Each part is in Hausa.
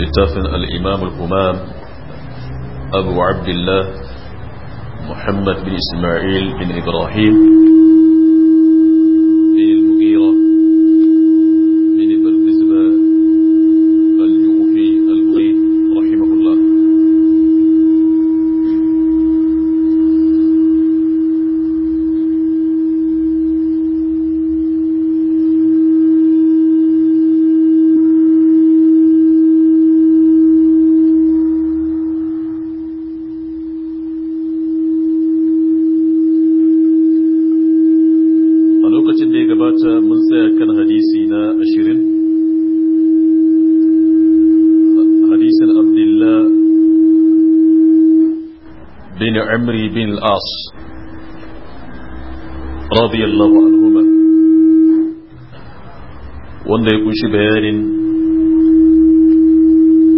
لتفن الإمام الأمام أبو عبد الله محمد بن إسماعيل بن إبراهيم العاص رضي الله عنهما wanda ya kunshi bayanin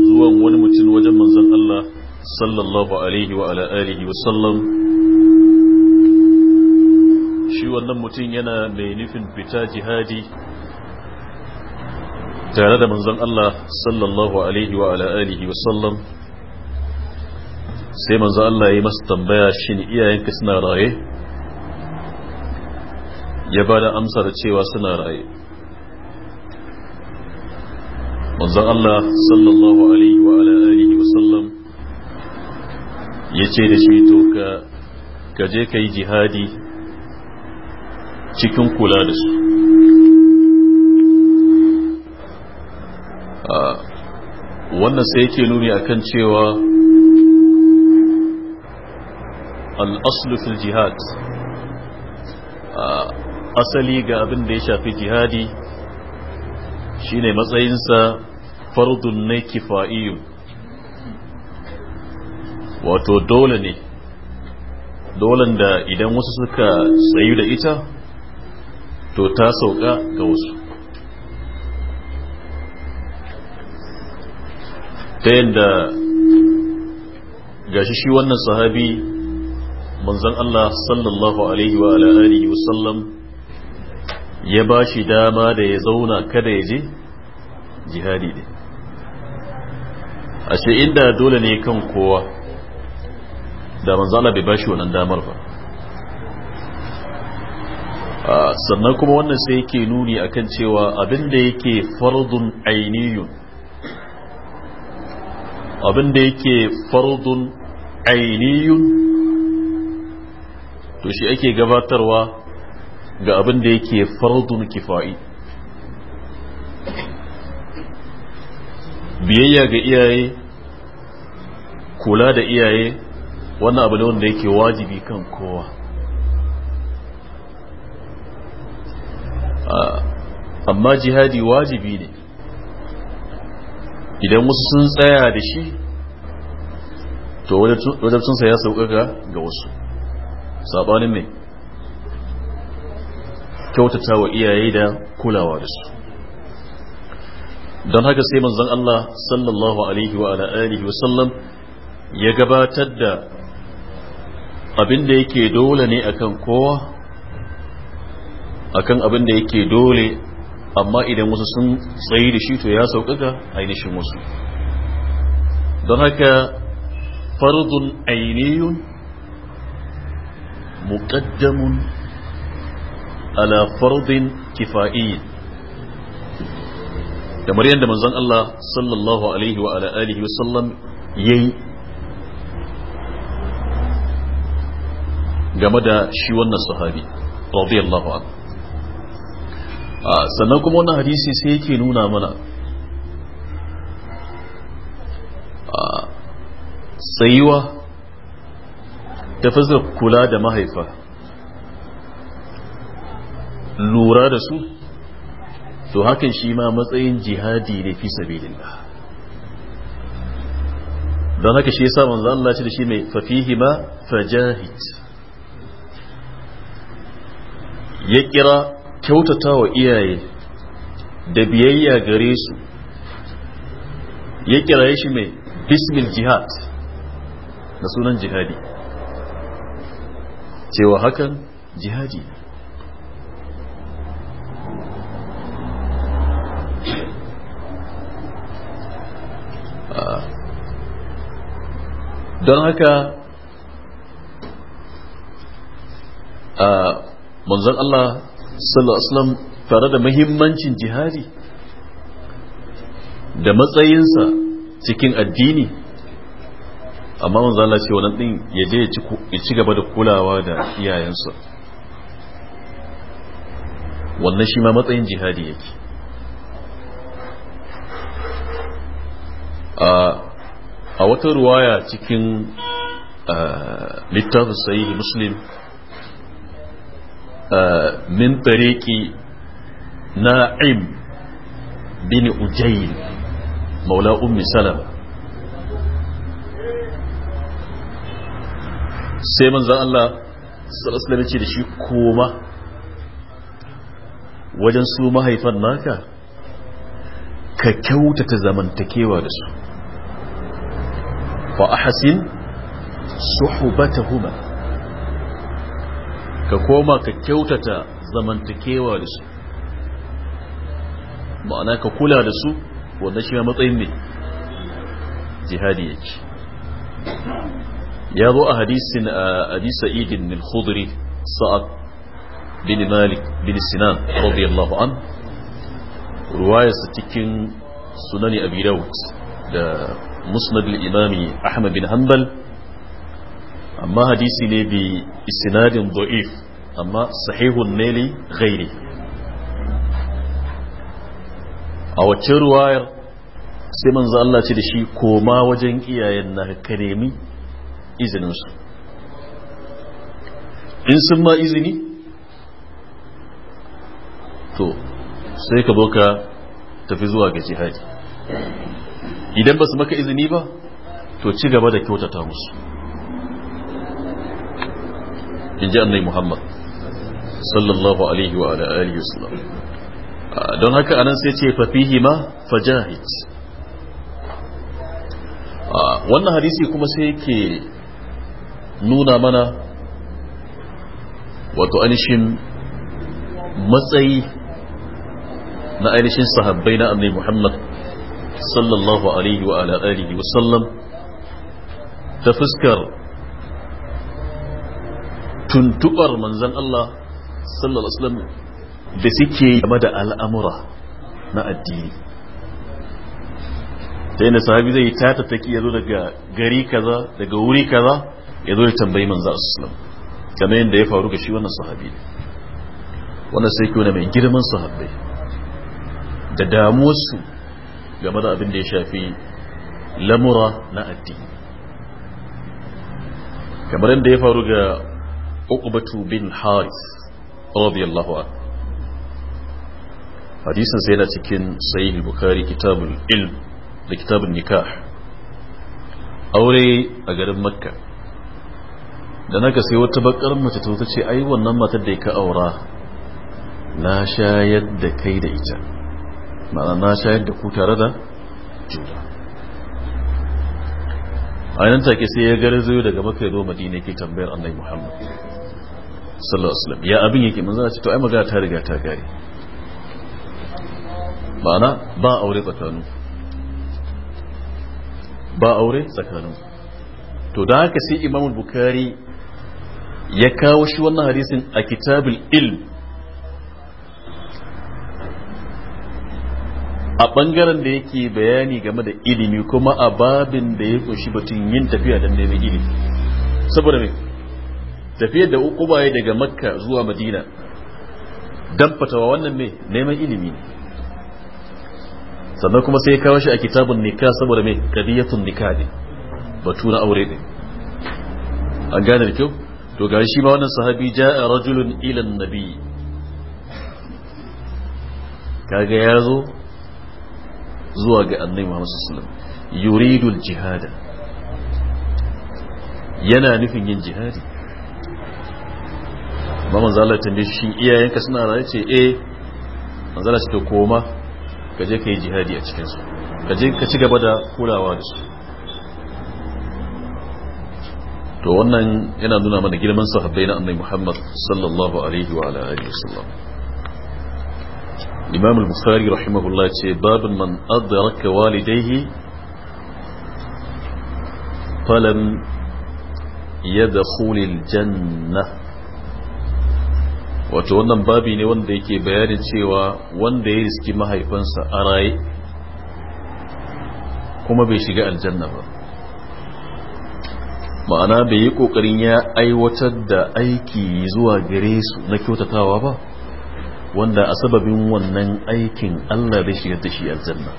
zuwan wani mutum wajen manzon Allah sallallahu alaihi wa ala alihi wa sallam shi wannan mutum yana mai nufin fita jihadi tare da manzon Allah sallallahu alaihi wa ala alihi wa sallam sai manzo Allah ya yi masa tambaya shin iyayenka suna raye ya ba da amsar cewa suna raye manzo Allah sallallahu alaihi wa alihi wa sallam ya ce da shi to ka ka je kai jihadi cikin kula da su ah, wannan sai yake nuni akan cewa al'aslu jihad asali ga abin da ya shafi jihadi shine matsayinsa fardun na kifa'iyun wato dole ne dolan da idan wasu suka tsayu da ita to ta sauka ga wasu ta yadda gashi shi wannan sahabi manzon Allah sallallahu alaihi wa alihi wasallam ya ba shi dama da ya zauna kada ya je jihadi ne ashe inda dole ne kan kowa da manzon Allah bai ba shi wannan damar ba sannan kuma wannan sai yake nuni akan cewa abin da yake fardun ainiyun abin da yake fardun to shi ake gabatarwa ga abin da yake fardun kifa'i biyayya ga iyaye kula da iyaye wannan abu ne wanda yake wajibi kan kowa amma jihadi wajibi ne idan wasu sun tsaya da shi to wadatunsa ya sauƙaƙa ga wasu sabanin mai kyautata wa iyaye da kulawa da su don haka sai manzon Allah sallallahu alaihi wa alihi wa sallam ya gabatar da abin da yake dole ne akan kowa akan abin da yake dole amma idan wasu sun tsayi da shi to ya sauƙaƙa ainihin wasu don haka fardun ainiyun. muqaddamun ala fardin kifa'iyyin kamar yadda manzon Allah sallallahu alaihi wa ala alihi wa sallam yayi game da shi wannan sahabi radiyallahu anhu sannan kuma wannan hadisi sai yake nuna mana tsayuwa ta fuskar kula da mahaifa lura da su to hakan shi ma matsayin jihadi ne fi sabilillah don haka shi samun za'an lati da shi mai fafihi ma fajahid ya kira kyautata wa iyaye da biyayya gare su ya kira shi mai bismil jihad da sunan jihadi cewa hakan jihadi ah. don haka a ah, manzon Allah sallallahu Alaihi wasallam tare da mahimmancin jihadi da matsayinsa cikin addini amma manzo Allah ce wannan din ya je ya ci gaba da kulawa da iyayensa wannan shi ma matsayin jihadi yake a wata ruwaya cikin littafin sahihi muslim min tariqi na'im bin ujayl maula ummi salama sai manzan Allah sallallahu ce da shi koma wajen su mahaifan naka ka kyautata zamantakewa da su fa ahsin suhbatahuma ka koma ka kyautata zamantakewa da su ma'ana ka kula da su wanda shi matsayin ne jihadi yake ya zo a hadisin abi sa'idin al-khudri sa'ad bin malik bin sinan radiyallahu an ruwayarsa cikin sunani abi dawud da musnad al-imami ahmad bin hanbal amma hadisi ne bi isnadin da'if amma sahihun ne li ghairi a wacce ruwayar sai manzo Allah ce da shi koma wajen iyayen naka ka nemi izininsu in sun ma izini to sai ka zo ka tafi zuwa ga jihadi idan ba su maka izini ba to ci gaba da kyautata musu in ji annai muhammad sallallahu alaihi wa alihi wasallam ah, don haka anan sai ce fafihi ma fajahid ah, wannan hadisi kuma sai ke. nuna mana wato ainihin matsayi na ainihin sahabbai na annabi Muhammad sallallahu alaihi wa ala alihi wa sallam ta fuskar tuntubar manzon Allah sallallahu alaihi wasallam da suke game da al'amura na addini ta yana sahabi zai ta tattaki ya zo daga gari kaza daga wuri kaza ya zo ya tambayi manzo sallallahu alaihi wasallam kamar yadda ya faru ga shi wannan sahabi ne wannan sai kyau mai girman sahabbai da damuwarsu game da abin da ya shafi lamura na addini kamar yadda ya faru ga uqbatu bin haris radiyallahu anhu hadisin sai yana cikin sahih bukhari kitabul ilm da kitabun nikah aure a garin makka da na sai wata bakar mace ta ce ai wannan matar da ka aura na shayar da kai da ita ma'ana na shayar da ku tare da juna a nan take sai ya gare zai daga maka zo madina ke tambayar annabi muhammad sallallahu alaihi wasallam ya abin yake zana ce to ai magana ta riga ta gare ma'ana ba aure tsakanin ba aure tsakanin to da haka sai imamul bukari ya kawo shi wannan hadisin a kitabul ilm a bangaren da yake bayani game da ilimi kuma a babin da ya kunshi batun yin tafiya da neman ilimi saboda me tafiyar da uku ya daga makka zuwa madina don fatawa wannan me neman ilimi ne sannan kuma sai ya kawo shi a kitabun nika saboda me kadiyatun nika ne batu na aure ne an gane da kyau to ga shi ma wannan sahabi ja'a rajulun ilan nabi kaga ya zo zuwa ga annabi Muhammadu Sallam. yuridul jihada yana nufin yin jihadi ba manzo Allah shi iyayenka suna raye ce eh manzo Allah ce to koma ka je ka yi jihadi a cikinsu su ka ka ci gaba da kulawa da su to wannan yana nuna mana girman sahabbai na annabi Muhammad sallallahu alaihi wa alihi wasallam Imam al-Bukhari rahimahullah ce babun man adraka walidayhi falam yadkhul al-janna wato wannan babi ne wanda yake bayanin cewa wanda ya riski mahaifansa a raye kuma bai shiga aljanna ba ma'ana bai yi kokarin ya aiwatar da aiki zuwa gare su na kyautatawa ba wanda a sababin wannan aikin allah zai shiga da shi aljanna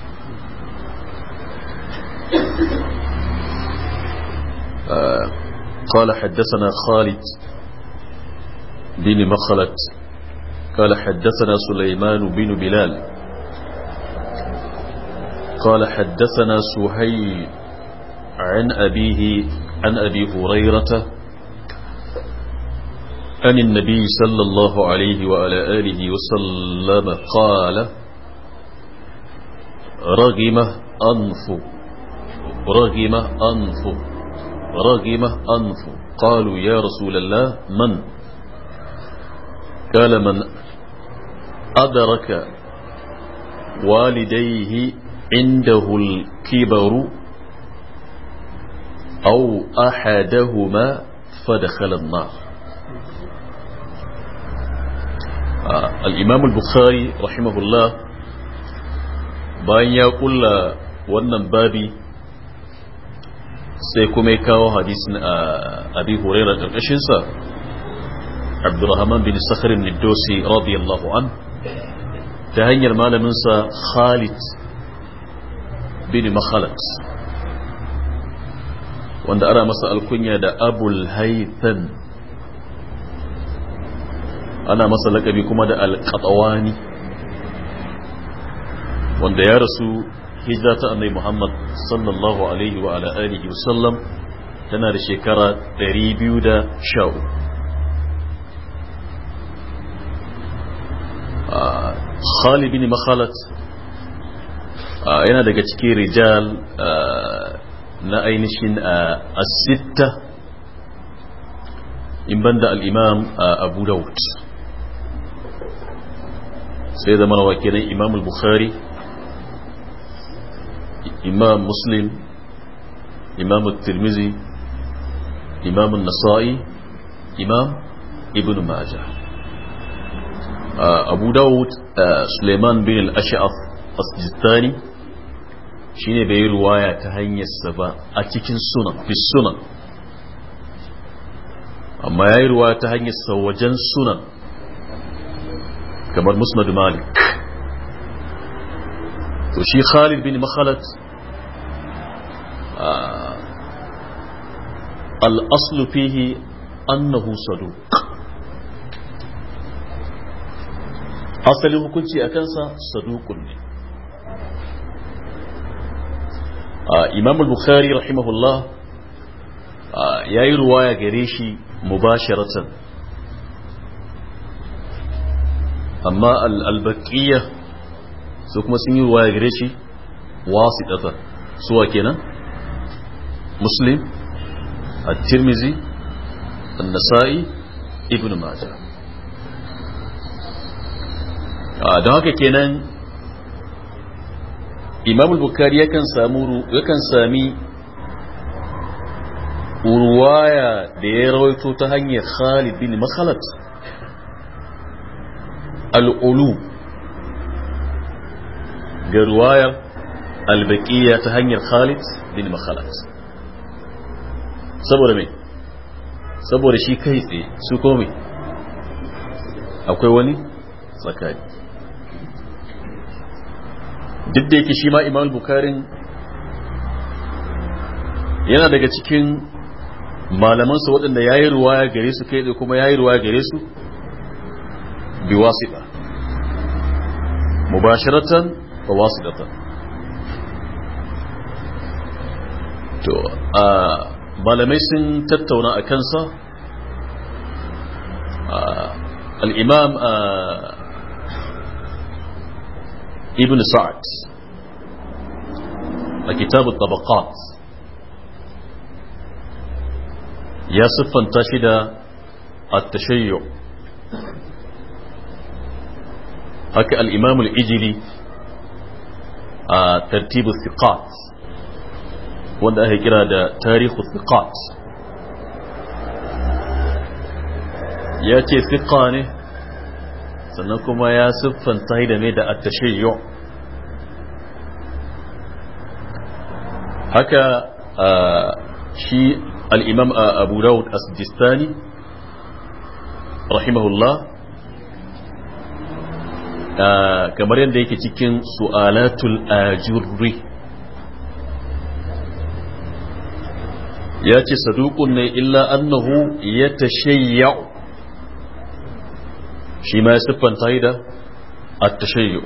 قال حدثنا خالد بن مخلت قال حدثنا سليمان بن بلال قال حدثنا سهيل عن أبيه عن أبي هريرة عن النبي صلى الله عليه وعلى آله وسلم قال رغم أنف رغم أنف رغم أنف قالوا يا رسول الله من قال من أدرك والديه عنده الكبر أو أحدهما فدخل النار آه، الإمام البخاري رحمه الله بأن يقول ونن بابي سيكون يكاو حديث آه، أبي هريرة الأشنسة عبد الرحمن بن سخر بن الدوسي رضي الله عنه تهني المال منسى خالد بن مخالد wanda ana masa alkunya da abul ana masa lakabi kuma da alƙatsawani wanda ya rasu hijira ta annai muhammad sallallahu alaihi wa ala alihi wasallam tana da shekara 210 khalid bin makhalat yana daga cikin rijal na ainihin as asitta in banda al-imam abu daud sai zama nawa kenan imam al-bukhari imam muslim imam al-tirmizi imam al-nasa'i imam ibn majah abu daud suleiman bin al-ash'af as-sistani shine bai yi ruwaya ta hanyarsa ba a cikin sunan fi sunan amma ya yi ruwaya ta hanyarsa wajen sunan kamar musnad malik to shi khalid bin makhalat al'aslu fihi annahu saduq asalin hukunci a kansa saduqun ne آه، امام البخاري رحمه الله آه، يا روايه جريشي مباشره اما البكيه سو سيني سن روايه جريشي واسطه سو كينا مسلم الترمذي النسائي ابن ماجه a آه، don imam al-bukhari yakan samu yakan sami ruwaya da ya rawaito ta hanyar khalid bin makhalat al-ulu ga ruwayar al-baqiyya ta hanyar khalid bin makhalat saboda me saboda shi kai tsaye su ko me akwai wani tsakani duk da yake shi ma imam bukarin yana daga cikin malamansa waɗanda ya yi ruwaya gare su kai kuma ya yi ruwaya gare su bi wasiɗa mubasharatan wa wasiɗatan to malamai sun tattauna a kansa al'imam ابن سعد كتاب الطبقات يا صفا تشد التشيع هكا الإمام الإجلي آه، ترتيب الثقات وانا هكرا تاريخ الثقات ياتي thiqat ya sannan kuma ya siffanta da ne da attashayyo haka shi al'imam abu daud as-distani rahimahullah kamar yadda yake cikin su'alatul ajurri ya ce saduƙun ne illa annahu ya tashayya shi ma ya siffanta yi da attashayyu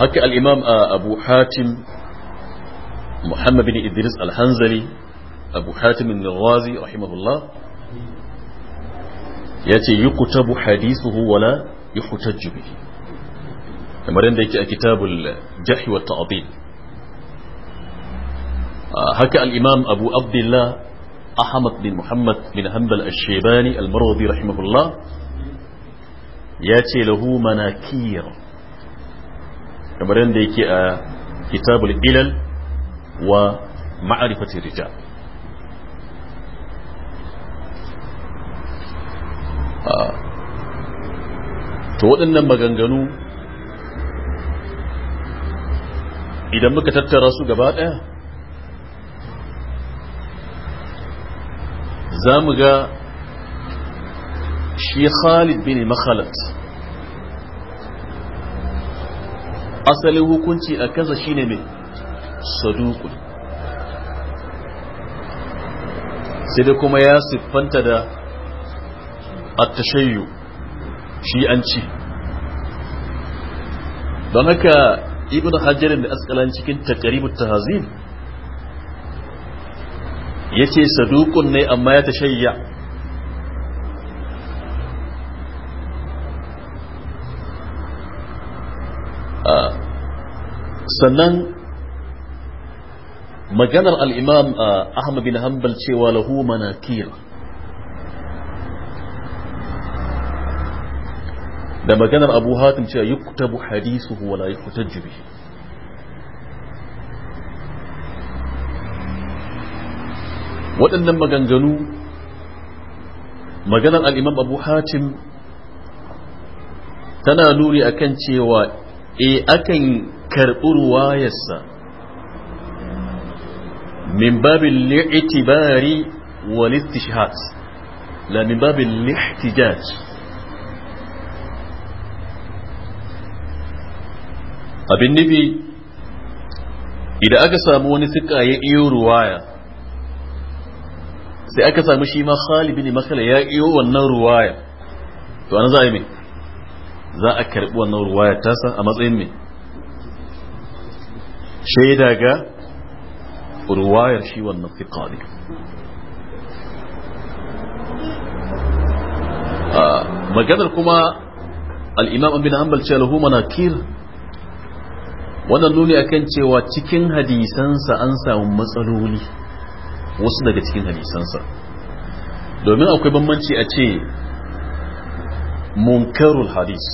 haka al'imam abu hatim muhammad bin idris al-hanzali abu hatim bin nirwazi rahimahullah ya ce yi kutabu hadisuhu wala yi hutajju bihi kamar yadda yake a kitabul jahi ta'adil haka al'imam abu abdullah أحمد بن محمد بن هنبل الشيباني المروضي رحمه الله ياتي له مناكير كما رندك آه، كتاب الإلل ومعرفة الرجال to waɗannan maganganu idan muka tattara رسول قبائل za mu ga shi khalid bin makhalat asalin hukunci a kasa shine mai saduku sai da kuma ya siffanta da attashayyu shi an ci don haka ibn hajjarin da askalan cikin ta tahazim ya ce sadukun ne amma ya tashayya sannan maganar al'imam ahmad bin hanbal cewa lahu manakir da maganar abu hatim cewa yuktabu hadisuhu wala yuhtajju bihi waɗannan maganganu maganar al'imam abu hatim tana nuni akan cewa e akan karɓi ruwayarsa min babin li'itibari wal istishhat la min babin li'tijaj abin nufi idan aka samu wani suka ya iyo ruwaya sai aka samu shi ma Khalid bin Makhlad ya iyo wannan ruwaya to an za a yi me za a karbi wannan ruwaya tasa a matsayin me shaida ga ruwayar shi wannan fiqari maganar kuma al'imam bin hanbal ce lahu manakir wannan nuni akan cewa cikin hadisansa an samu matsaloli wasu daga cikin hadisansa domin akwai bambanci a ce munkarul hadis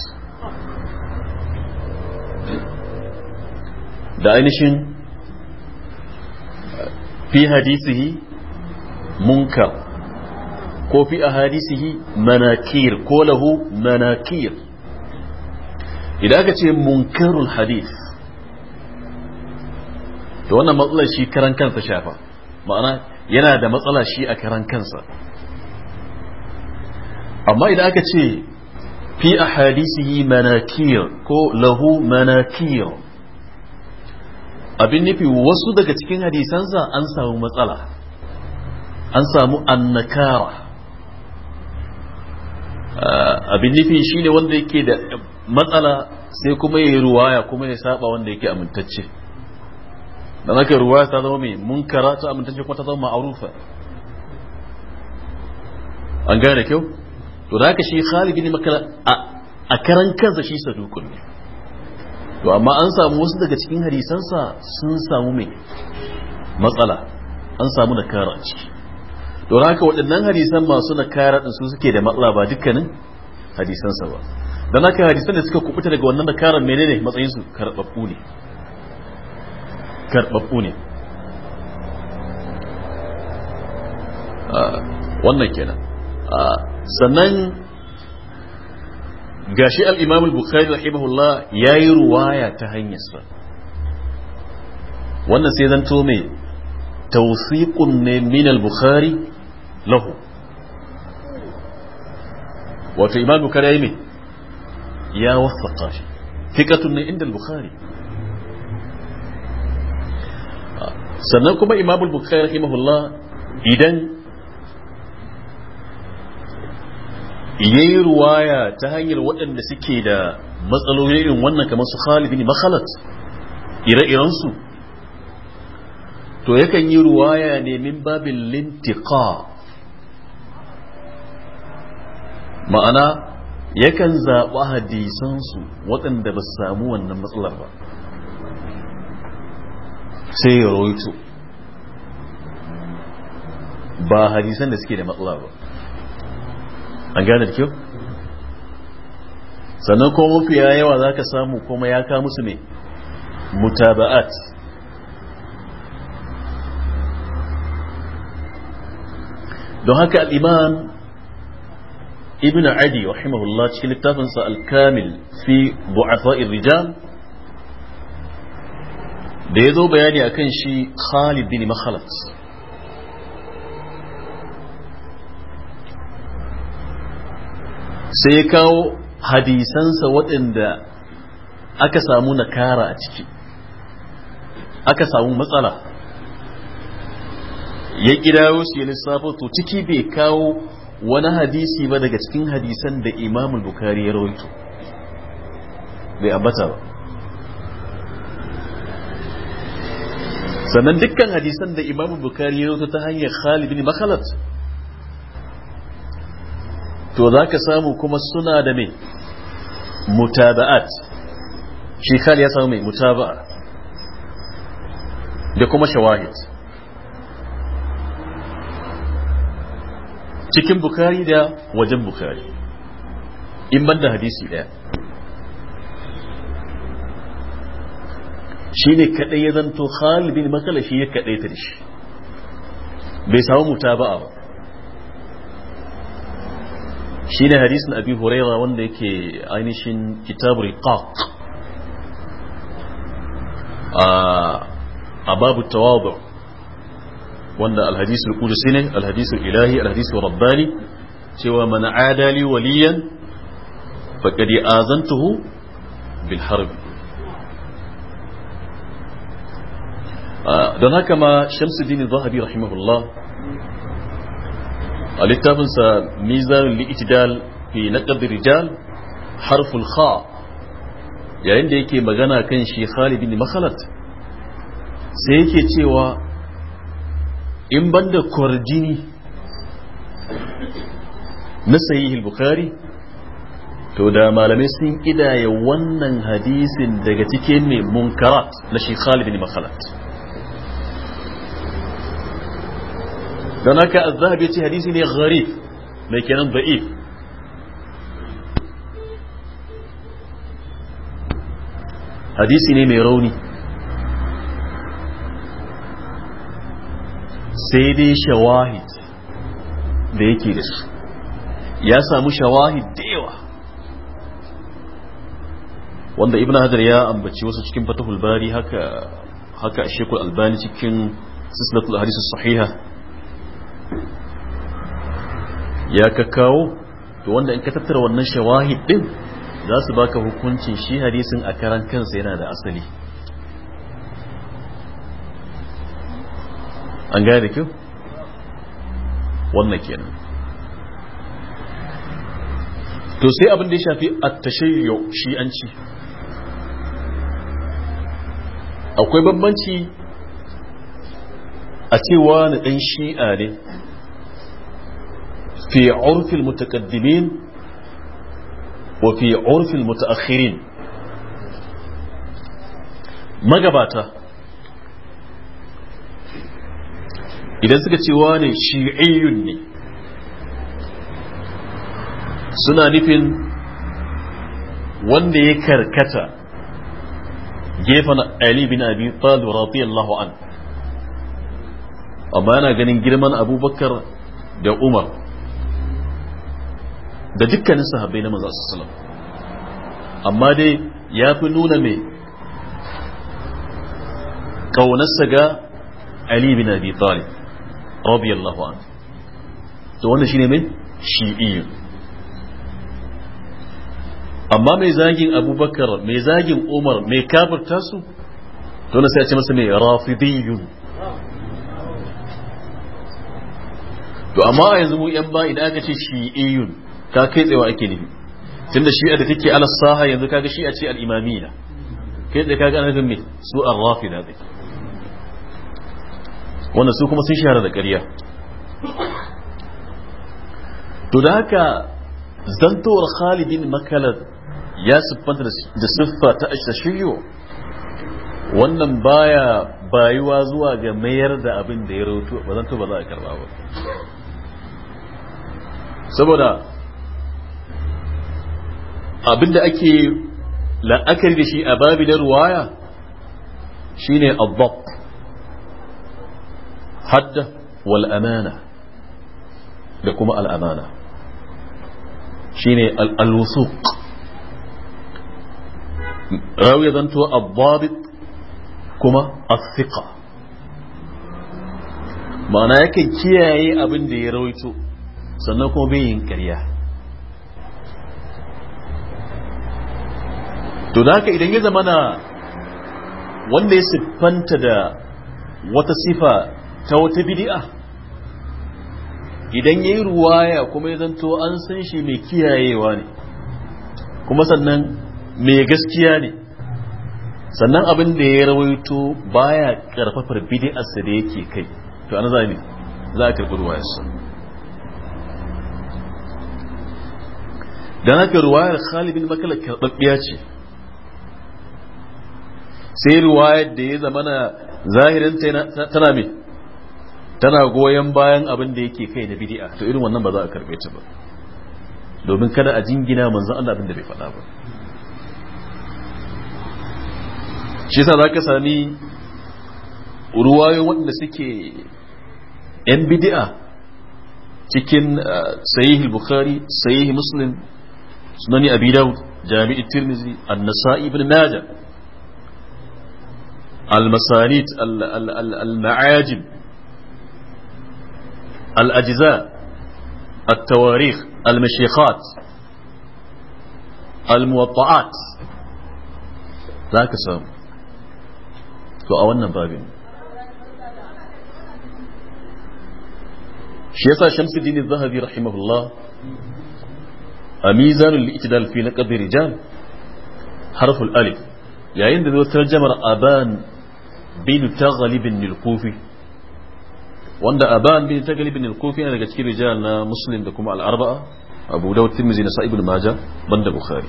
da ainihin eh, fi hadisihi munkar ko fi a hadisihi manakir ko lahu manakir idan aka ce munkarul hadis da wannan matsalar shi karan kansa shafa ma'ana yana da matsala shi a karan kansa amma idan aka ce fi a yi manakiyar ko lahu manakiyar abin nufi wasu daga cikin hadisansa an samu matsala an samu annakara ah, abin nufi shine wanda yake da matsala sai kuma ya yi ruwaya kuma ya saba wanda yake amintacce da zaka ruwa ta zama mai munkara ta amintacce kuma ta zama ma'arufa an gane kyau to da haka shi Khalid bin Makara a karan kansa shi sadukun ne to amma an samu wasu daga cikin hadisansa sun samu mai matsala an samu da kara ciki da haka waɗannan hadisan masu nakara din su suke da matsala ba dukkanin hadisansa ba dan haka hadisan da suka kubuta daga wannan da nakaran menene matsayinsu karɓaɓɓu ne karɓaɓɓu ne wannan kenan sannan gashi al-imam al-bukhari rahimahullah yayi ruwaya ta hanyarsa wannan sai zan to me tawsiqun ne min al-bukhari lahu wato imam bukhari yayi me ya wasaqa shi fikatun ne inda al-bukhari sannan kuma imam bukhari rahimahullah idan yayi ruwaya ta hanyar waɗanda suke da matsaloli irin wannan kamar su Khalid Makhalat ire-iren su to yakan yi ruwaya ne min babin lintiqa ma'ana yakan zaɓa hadisansu waɗanda ba su samu wannan matsalar ba sai ya rawaito ba hadisan da suke da matsala ba an gane da kyau sannan kuma mafiya yawa za ka samu kuma ya ka musu ne mutaba'at don haka al'imam ibn adi rahimahullah cikin littafinsa al-kamil fi bu'afa'ir rijal da ya zo bayani a kan shi khalid bin makhalat sai ya kawo hadisansa waɗanda aka samu nakara a ciki aka samu matsala ya ƙidawo su ya lissafa to ciki bai kawo wani hadisi ba daga cikin hadisan da imamul bukari ya rawaito bai ambata ba sannan dukkan hadisan da imam bukari ya ta hanyar khalid bin makhalat to za ka samu kuma suna da mai mutaba'at shi khalid ya samu mai mutaba'a da kuma shawahid cikin bukari da wajen bukari in ban da hadisi ɗaya shi ne kaɗai ya zanto Khalid bin Makala shi ya kaɗai ta da shi bai samu mutaba'a ba shi ne hadisin abi huraira wanda yake ainihin kitab riqaq a a babu tawadu wanda alhadisul qudusi ne alhadisul ilahi alhadisul rabbani cewa man adali waliyan faqad azantuhu bil harbi don haka ma shamsuddin zahabi rahimahullah a littafinsa mizan li'itidal fi naqd rijal harful kha yayin da yake magana kan shi Khalid bin Makhalat sai yake cewa in banda kwarjini na sahihul bukhari to da malamai sun kidaya wannan hadisin daga cikin mai munkarat na shi Khalid bin Makhalat dan haka azhab ya ce hadisi ne gharib mai kenan da'if hadisi ne mai rauni sai dai shawahid da yake da su ya samu shawahid da yawa wanda ibn hajar ya ambaci wasu cikin fatahul bari haka haka shekul albani cikin sislatul hadisi sahiha ya kawo to wanda in ka tattara wannan shawahid din za su baka hukuncin shi hadisin a karan kansa yana da asali an gane da kyau wannan kenan to sai abin da ya shafi tashayyo shi an ci akwai bambanci a cewa na ɗan shi'a ne fi urfil mutaqaddimin wa fi urfil mutaakhirin magabata idan suka ce wane shi'iyyun ne suna nufin wanda ya karkata gefen Ali bin Abi Talib radiyallahu an amma yana ganin girman Abubakar da Umar da dukkanin sahabbai na manzo sallallahu amma dai ya fi nuna mai kaunarsa ga Ali bin Abi Talib radiyallahu anhu to wannan shine mai shi'i amma mai zagin abubakar mai zagin umar mai kafirta su dole sai a ce masa mai rafidiyun. to amma a yanzu mu yan ba idan aka ce shi'iyyun ka kai wa ake nufi tunda shi'a da take ala saha yanzu kaga shi'a ce al-imamiyya kai tsaye kaga ana nufin me su ar-rafida da wanda su kuma sun shahara da ƙarya to da haka zantowar khalidin makalar ya siffanta da siffa ta shiyo. wannan baya bayuwa zuwa ga mayar da abin da ya rautu ba zanto ba za a karba ba saboda abinda ake la'akari da shi a babi da ruwaya shine abbaq hadda wal amana da kuma al amana shine al wusuq rawi zanto abbabit kuma as-siqa ma'ana yake kiyaye abin da ya rawaito sannan kuma bai yin ƙarya to da haka idan ya zama na wanda ya siffanta da wata sifa ta wata bidi'a idan ya yi ruwaya kuma ya zanto an san shi mai kiyayewa ne kuma sannan mai gaskiya ne sannan abin da ya rawaito baya karfafar bidi'arsa da yake kai to an zami za a karɓi ruwayarsa don haka ruwayar khalibin makalar karɓaɓɓiya ce sai riwayar da ya zamana zahirin tana mai tana goyon bayan abin da yake kai na bidi'a to irin wannan ba za a karbe ta ba domin kada a jingina manzo Allah abin da bai faɗa ba shi yasa zaka sami ruwayoyin waɗanda suke yan bid'a cikin uh, sahih bukhari sahih muslim sunani abi dawud jami'i tirmizi an-nasa'i ibn majah المسانيد المعاجم الأجزاء التواريخ المشيخات الموطعات لا سام فأولنا بابين شيخ شمس الدين الذهبي رحمه الله أميزان الاعتدال في نقد الرجال حرف الألف يعني عند ترجمة أبان بن تغلب الكوفي وأن أبان بن تغلب الكوفي أنا قلت كيف جاءنا مسلم دكم الأربعة أبو داود الترمذي نسائي بن ماجه بن البخاري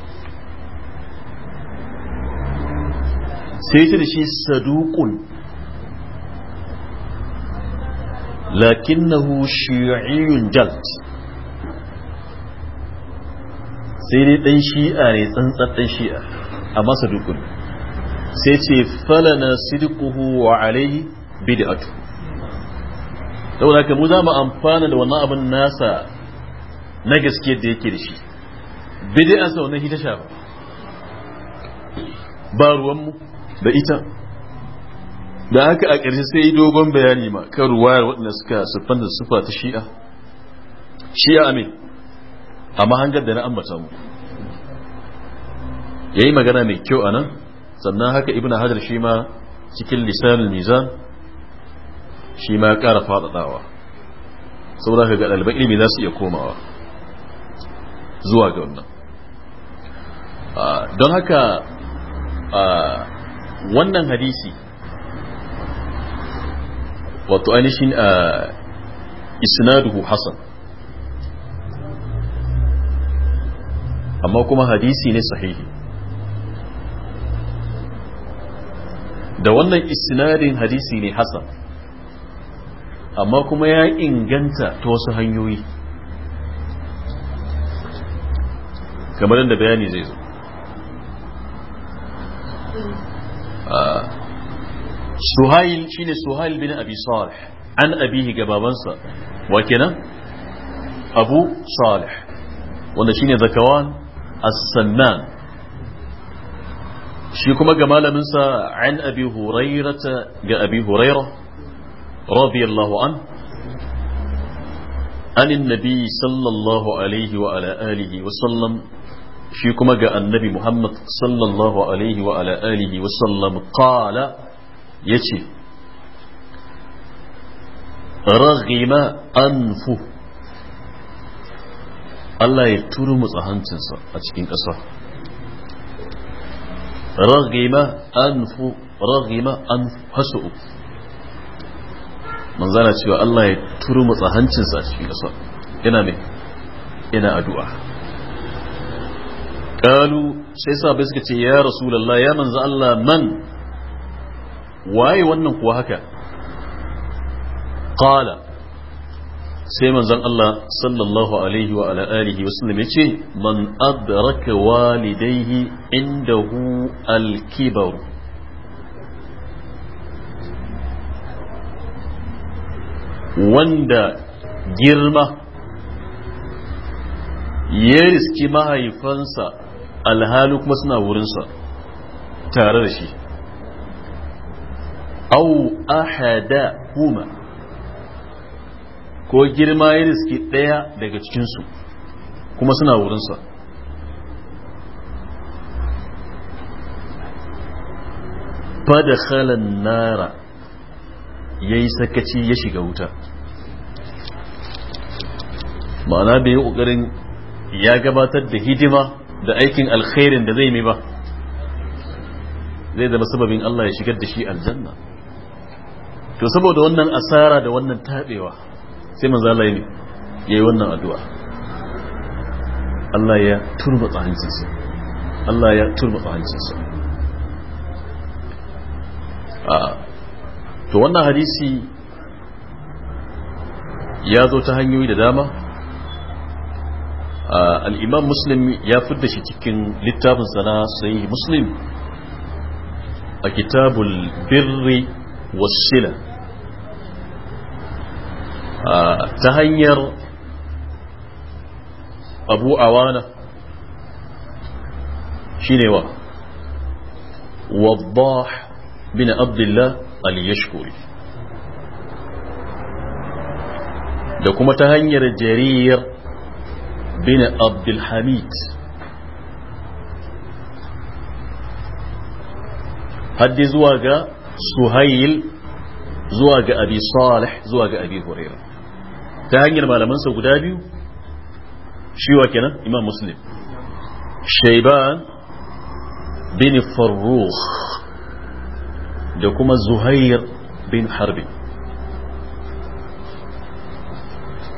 سيتي شيء صدوق لكنه شيعي جلد سيدي تنشيئة لتنصر تنشيئة أما صدوق sai ce falana sidiquhu wa alayhi bid'atu saboda haka mu za mu amfana da wannan abin nasa na gaske da yake da shi bid'a sau na hita shafa ba ruwanmu da ita da haka a ƙarshe sai yi dogon bayani ma kan ruwayar waɗanda suka sufan da sufa ta shi'a shi'a amin amma hangar da na ambata mu yayi magana mai kyau a nan sannan haka ibn hajar shi ma cikin lisan mizan shi ma ƙara faɗaɗawa saboda ka ga ɗaliban ilimi za su iya komawa zuwa ga wannan don haka wannan hadisi wato ainihin isnaduhu hasan amma kuma hadisi ne sahihi da wannan istinadin hadisi ne hasan amma kuma ya inganta ta wasu hanyoyi kamar da bayani zai zo ah, suhail ne suhail bin abi salih an abihi ga babansa wa kenan abu salih wanda shine zakawan as-sannan shi kuma ga malaminsa an abi hurairata ga abi huraira radiyallahu an عن النبي صلى الله عليه وعلى آله وسلم shi kuma ga annabi Muhammad sallallahu alaihi wa ala alihi wa sallam qala yace raghima anfu Allah ya turu mutsa hancinsa a cikin ƙasa ragima anfu ragima anfu hasu manzana cewa Allah ya turmutsa hancinsa cikin ƙasa ina mai ina addu'a Kalu sai sabai suka ce ya rasulallah ya manza Allah man waye wannan kuwa haka ƙala sai manzon Allah sallallahu alaihi wa ala alihi wa sallam yace man adraka walidayhi indahu al-kibar wanda girma ya riski mahaifansa alhali kuma suna wurinsa tare da shi au ahada huma. ko girma ya riski ɗaya daga cikinsu kuma suna wurinsa fada khalan nara ya yi sakaci ya shiga wuta ma'ana bai yi ƙoƙarin ya gabatar da hidima da aikin alkhairin da zai mai ba zai zama sababin Allah ya shigar da shi aljanna to saboda wannan asara da wannan taɓewa sai manzo Allah ya yi wannan addu'a Allah ya turbatsa hancinsa Allah ya turbatsa hancinsa to wannan hadisi ya zo ta hanyoyi da dama al'imam muslim ya fidda shi cikin littafin sana sai muslim a kitabul birri wasila آه، تهير أبو أوانة شنوة وضاح بن عبد الله اليشكري دكما تهير جرير بن عبد الحميد هدي زواجة سهيل زواج أبي صالح زواج أبي هريرة ta hanyar malamansa guda biyu shiwa kenan imam muslim shaiban bin farrukh da kuma zuhair bin harbi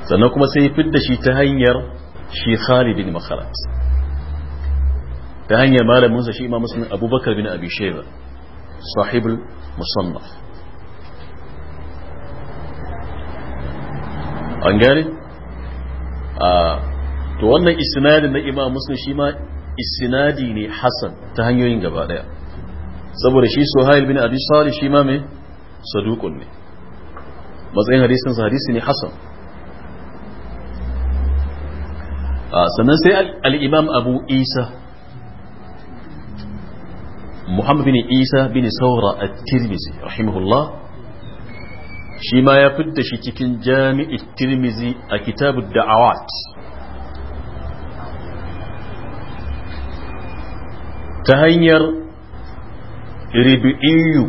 sannan kuma sai da shi ta hanyar shi khalidin bin makharat ta hanyar shi imam muslim abubakar bin abi shaiba sahibul musannaf an gane a to wannan isnadin na imam muslim shi ma isnadi ne hasan ta hanyoyin gaba daya saboda shi suhail bin abi salih shi ma me saduqun ne matsayin hadisin sa hadisi ne hasan a sannan sai al-imam abu isa muhammad bin isa bin saura at-tirmidhi rahimahullah shi ma ya fidda shi cikin jami'in tirmizi a kitabu da'awat ta hanyar ribi'iyu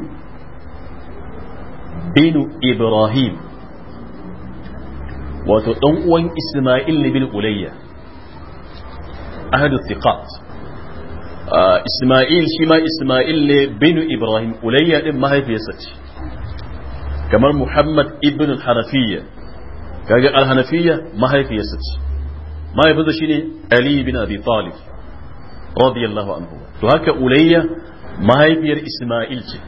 binu ibrahim wato ɗan uwan isma'il bin ulayya ahadu thiqat isma'il shi ma isma'il ne binu ibrahim ulayya din mahaifiyarsa ce kamar muhammad ibn al-hanafiya kaga al-hanafiya mahaifiyarsa ce mahaifinsa shine ali bin abi talib radiyallahu anhu to haka ulayya mahaifiyar isma'il ce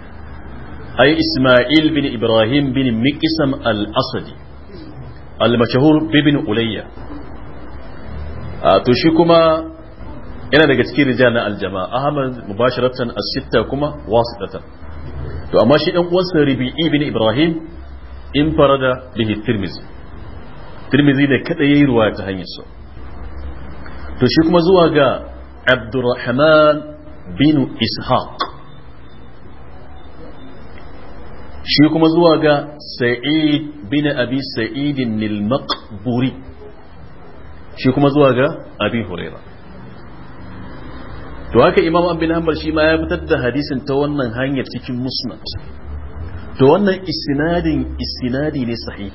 ai isma'il bin ibrahim bin miqsam al-asadi al-mashhur bin ulayya to shi kuma yana daga cikin rijal na aljama'a ahmad mubasharatan as-sitta kuma wasitatan to amma shi dan uwansa Rabi'i bin Ibrahim in farada bihi Tirmizi Tirmizi ne kada yayi ruwa ta hanyar sa to shi kuma zuwa ga Abdurrahman bin Ishaq shi kuma zuwa ga Sa'id bin Abi Sa'id al-Maqburi shi kuma zuwa ga Abi Hurairah to haka imam abin hanbal shi ma ya fitar da hadisin ta wannan hanyar cikin musnad to wannan istinadin istinadi ne sahihi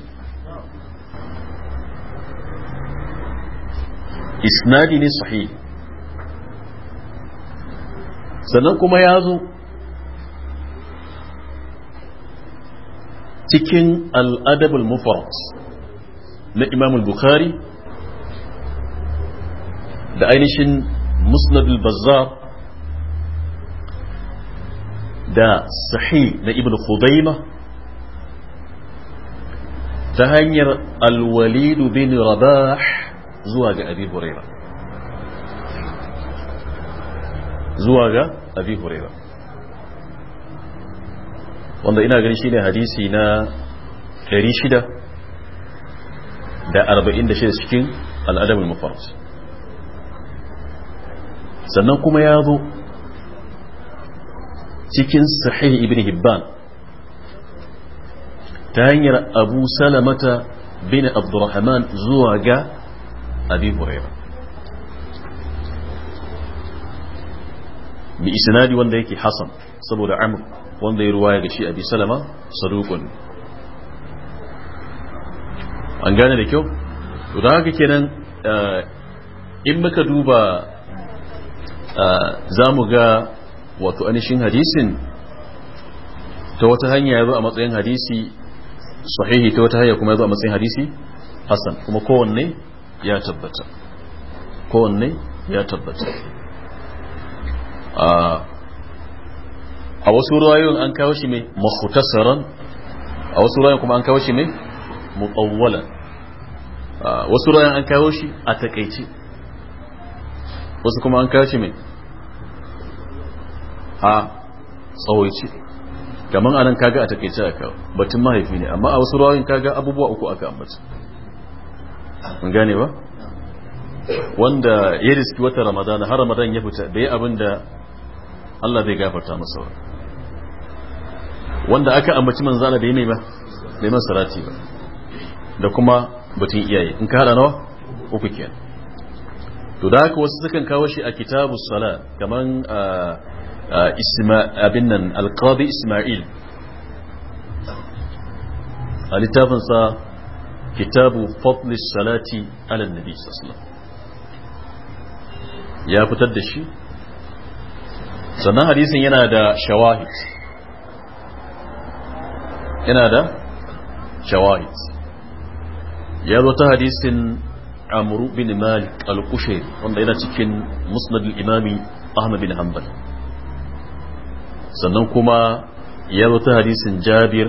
isnadi ne sahihi sannan kuma ya zo cikin al'adab al na imam al-bukhari da ainihin مسند البزار ده صحيح ده ابن خضيمة تهنير الوليد بن رباح زواج أبي هريرة زواج أبي هريرة wanda ina ganin shine hadisi na أربعين da 46 cikin al'adamul mufarrasi sannan kuma ya zo cikin sahih ibn hibban ta hanyar abu salamata bin abdurrahman zuwa ga abi huraira bi isnadi wanda yake hasan saboda amr wanda ya ruwaya da shi abi salama an gane da kyau to da haka kenan eh, in muka duba za mu ga wato anishin hadisin ta wata hanya ya zo a matsayin hadisi sahihi ta wata hanya kuma ya zo a matsayin hadisi hassan kuma kowanne ya tabbata kowanne ya tabbata a wasu ruwayoyin an kawo shi mai mahutasaran a wasu ruwayoyin kuma an kawo shi mai mutawwalan wasu ruwayoyin an kawo shi a takaice wasu kuma an kashi mai a tsawaici kamar anan kaga a takaice aka batun mahaifi ne amma a wasu rawayin kaga abubuwa uku aka ambaci mun gane ba wanda ya riski wata ramadana har ramadan ya fita bai abin da Allah zai gafarta masa ba wanda aka ambaci manzana da ya nema neman sarati ba da kuma batun iyaye in ka hada nawa uku kenan to da haka wasu sukan kawo shi a kitabu sala kaman abin nan alqadi isma'il a littafinsa kitabu fadlis salati ala nabi sallallahu ya fitar da shi sannan hadisin yana da shawahid yana da shawahid ya zo ta hadisin amru bin malik al-kushairi wanda yana cikin musnad al-imami ahmad bin hanbal sannan kuma ya ta hadisin jabir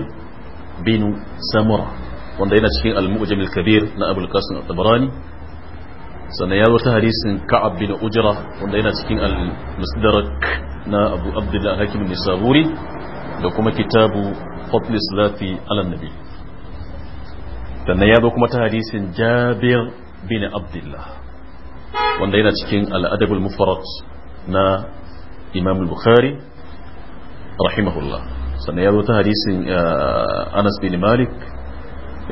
bin samura wanda yana cikin al-mu'jam al-kabir na abul qasim at-tabarani sannan ya ta hadisin ka'ab bin ujra wanda yana cikin al-musdarak na abu abdullah hakim nisaburi da kuma kitabu fadl salati ala nabi sannan ya zo kuma ta hadisin jabir bin abdullah wanda yana cikin al'adabul mufarad na imam bukhari rahimahullah sannan ya zo ta hadisin uh, anas bin malik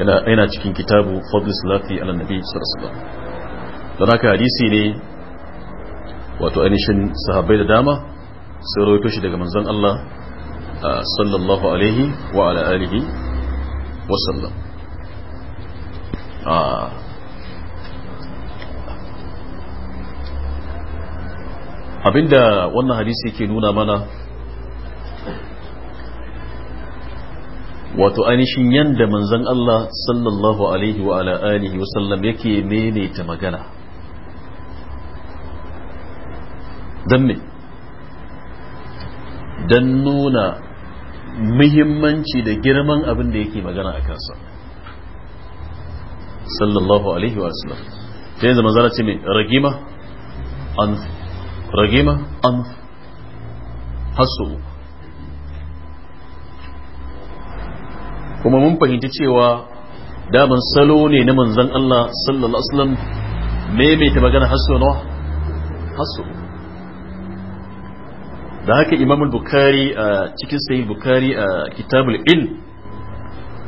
yana cikin kitabu fadl salati ala nabi sallallahu alaihi don haka hadisi ne wato ainihin sahabbai da dama sun rawaito shi daga manzon Allah uh, sallallahu alaihi wa ala alihi wa sallam uh, abinda wannan hadisi yake nuna mana wato ainihin yanda manzon Allah sallallahu alaihi wa ala alihi wa sallam yake maimaita magana dan me dan nuna muhimmanci da girman abin da yake magana a kansa sallallahu alaihi wa sallam Ta sai zama zara ce mai ragima an ragima an hasu kuma mun fahimci cewa daman salo ne na manzan Allah sallallahu alaihi maimaita magana hasu nawa hasu da haka imam bukhari a cikin sahih bukhari a kitabul il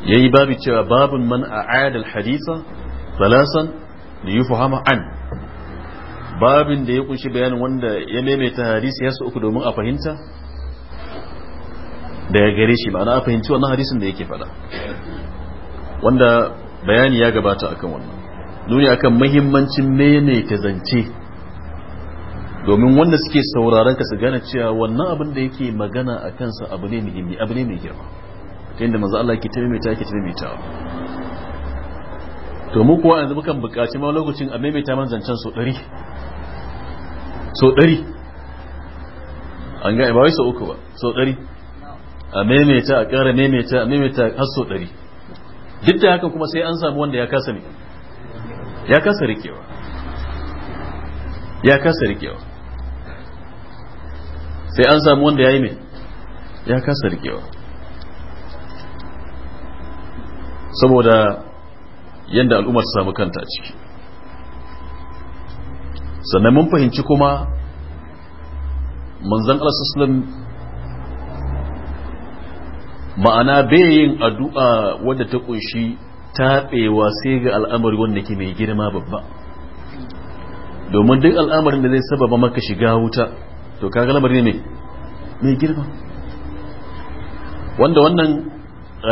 yayi babu cewa babun man a'ada al-haditha thalasan li yufhama an babin da ya kunshi bayanin wanda ya maimaita hadisi ya uku domin a fahimta Da ya gare shi ma'ana a fahimci wannan hadisin da yake faɗa wanda bayani ya gabata akan wannan nuni akan mahimmancin maimaita zance domin wanda suke sauraron ka su gane cewa wannan abin da yake magana a kansa abu ne muhimmi abu ne mai girma ta yadda maza Allah ke taimaita yake taimaitawa to mu kuwa yanzu mukan bukaci ma lokacin a maimaita man zancen su ɗari so ɗari an ga ba wai so uku ba so ɗari a maimaita a ƙara maimaita a maimaita har so ɗari duk da haka kuma sai an samu wanda ya kasa ne ya kasa rikewa ya kasa rikewa sai an samu wanda ya yi mai ya kasa rikewa saboda yadda al'ummar ta samu kanta a ciki sannan mun fahimci kuma manzan alasuslam ma'ana yin addu'a wadda ta kunshi taɓewa sai ga al'amari wanda ke mai girma babba domin duk al'amarin da zai sababa maka shiga wuta to kaga lamari ne mai girma wanda wannan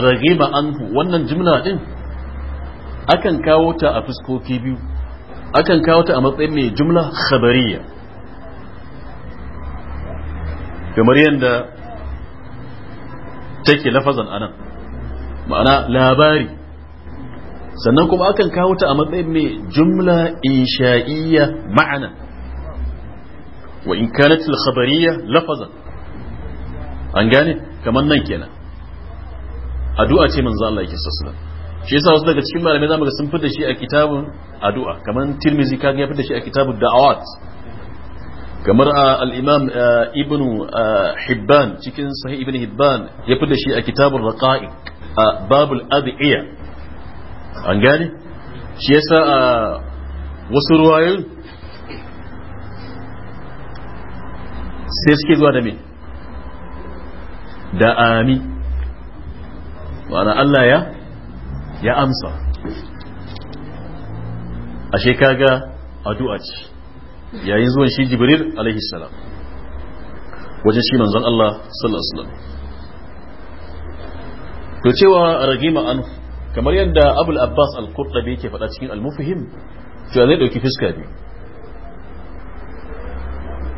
rage anhu wannan jimla din akan kawo ta a fuskoki biyu akan kawo ta a matsayin mai jumla khabariya kamar yadda take lafazan anan ma'ana labari sannan kuma akan kawo ta a matsayin mai jumla insha'iyya ma'ana wa in kanat al-khabariyya lafazan an gane kamar nan kenan addu'a ce manzo Allah yake sallallahu shi yasa wasu daga cikin malamai zamu ga sun fita shi a kitabun addu'a kamar tirmizi ka ya fita shi a kitabun da'awat kamar al-imam ibnu hibban cikin sahih ibn hibban ya fita shi a kitabun raqa'iq babul adhiya an gane shi yasa wasu ruwayoyi sai suke zuwa da me da ami ma'ana Allah ya ya amsa ashe kaga addu'a ce yayin zuwan shi jibril alaihi salam wajen shi manzon Allah sallallahu alaihi to cewa ragima an kamar yadda abul abbas al-qurtubi yake faɗa cikin al-mufhim cewa zai ɗauki fuska biyu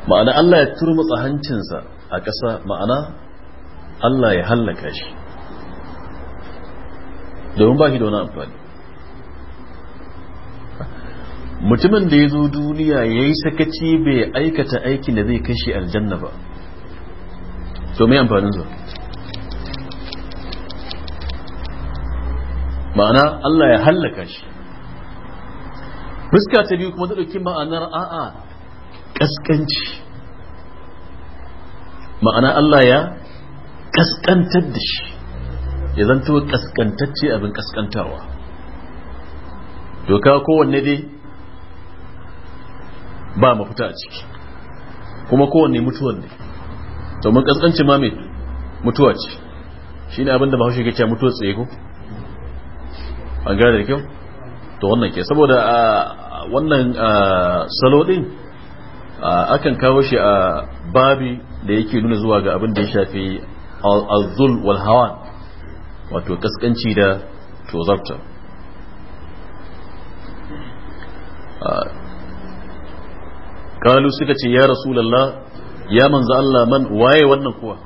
ma'ana Allah ya turmutsa hancinsa a ƙasa ma'ana Allah ya hallaka shi domin ba shi da wani amfani mutumin da ya zo duniya ya yi sakaci bai aikata aikin da zai kashe aljanna ba to mai amfanin zuwa ma'ana Allah ya hallaka shi fuska ta biyu kuma ta ɗauki ma'anar a'a ƙasƙanci ma'ana Allah ya ƙasƙantar da shi ya zanto kaskantacce abin kaskantarwa doka kowanne dai ba mafuta a ciki kuma kowanne mutuwan ne domin kaskanci ma mai mutuwa ce shi ne abinda bahaushe ke cewa mutuwa tsaye ko an gane da kyau to wannan ke saboda wannan salo din akan kawo shi a babi da yake nuna zuwa ga abin da ya shafi al-zul wal hawan wato kaskanci da tozarta kalu suka ce ya rasulallah ya manzo Allah man waye wannan kuwa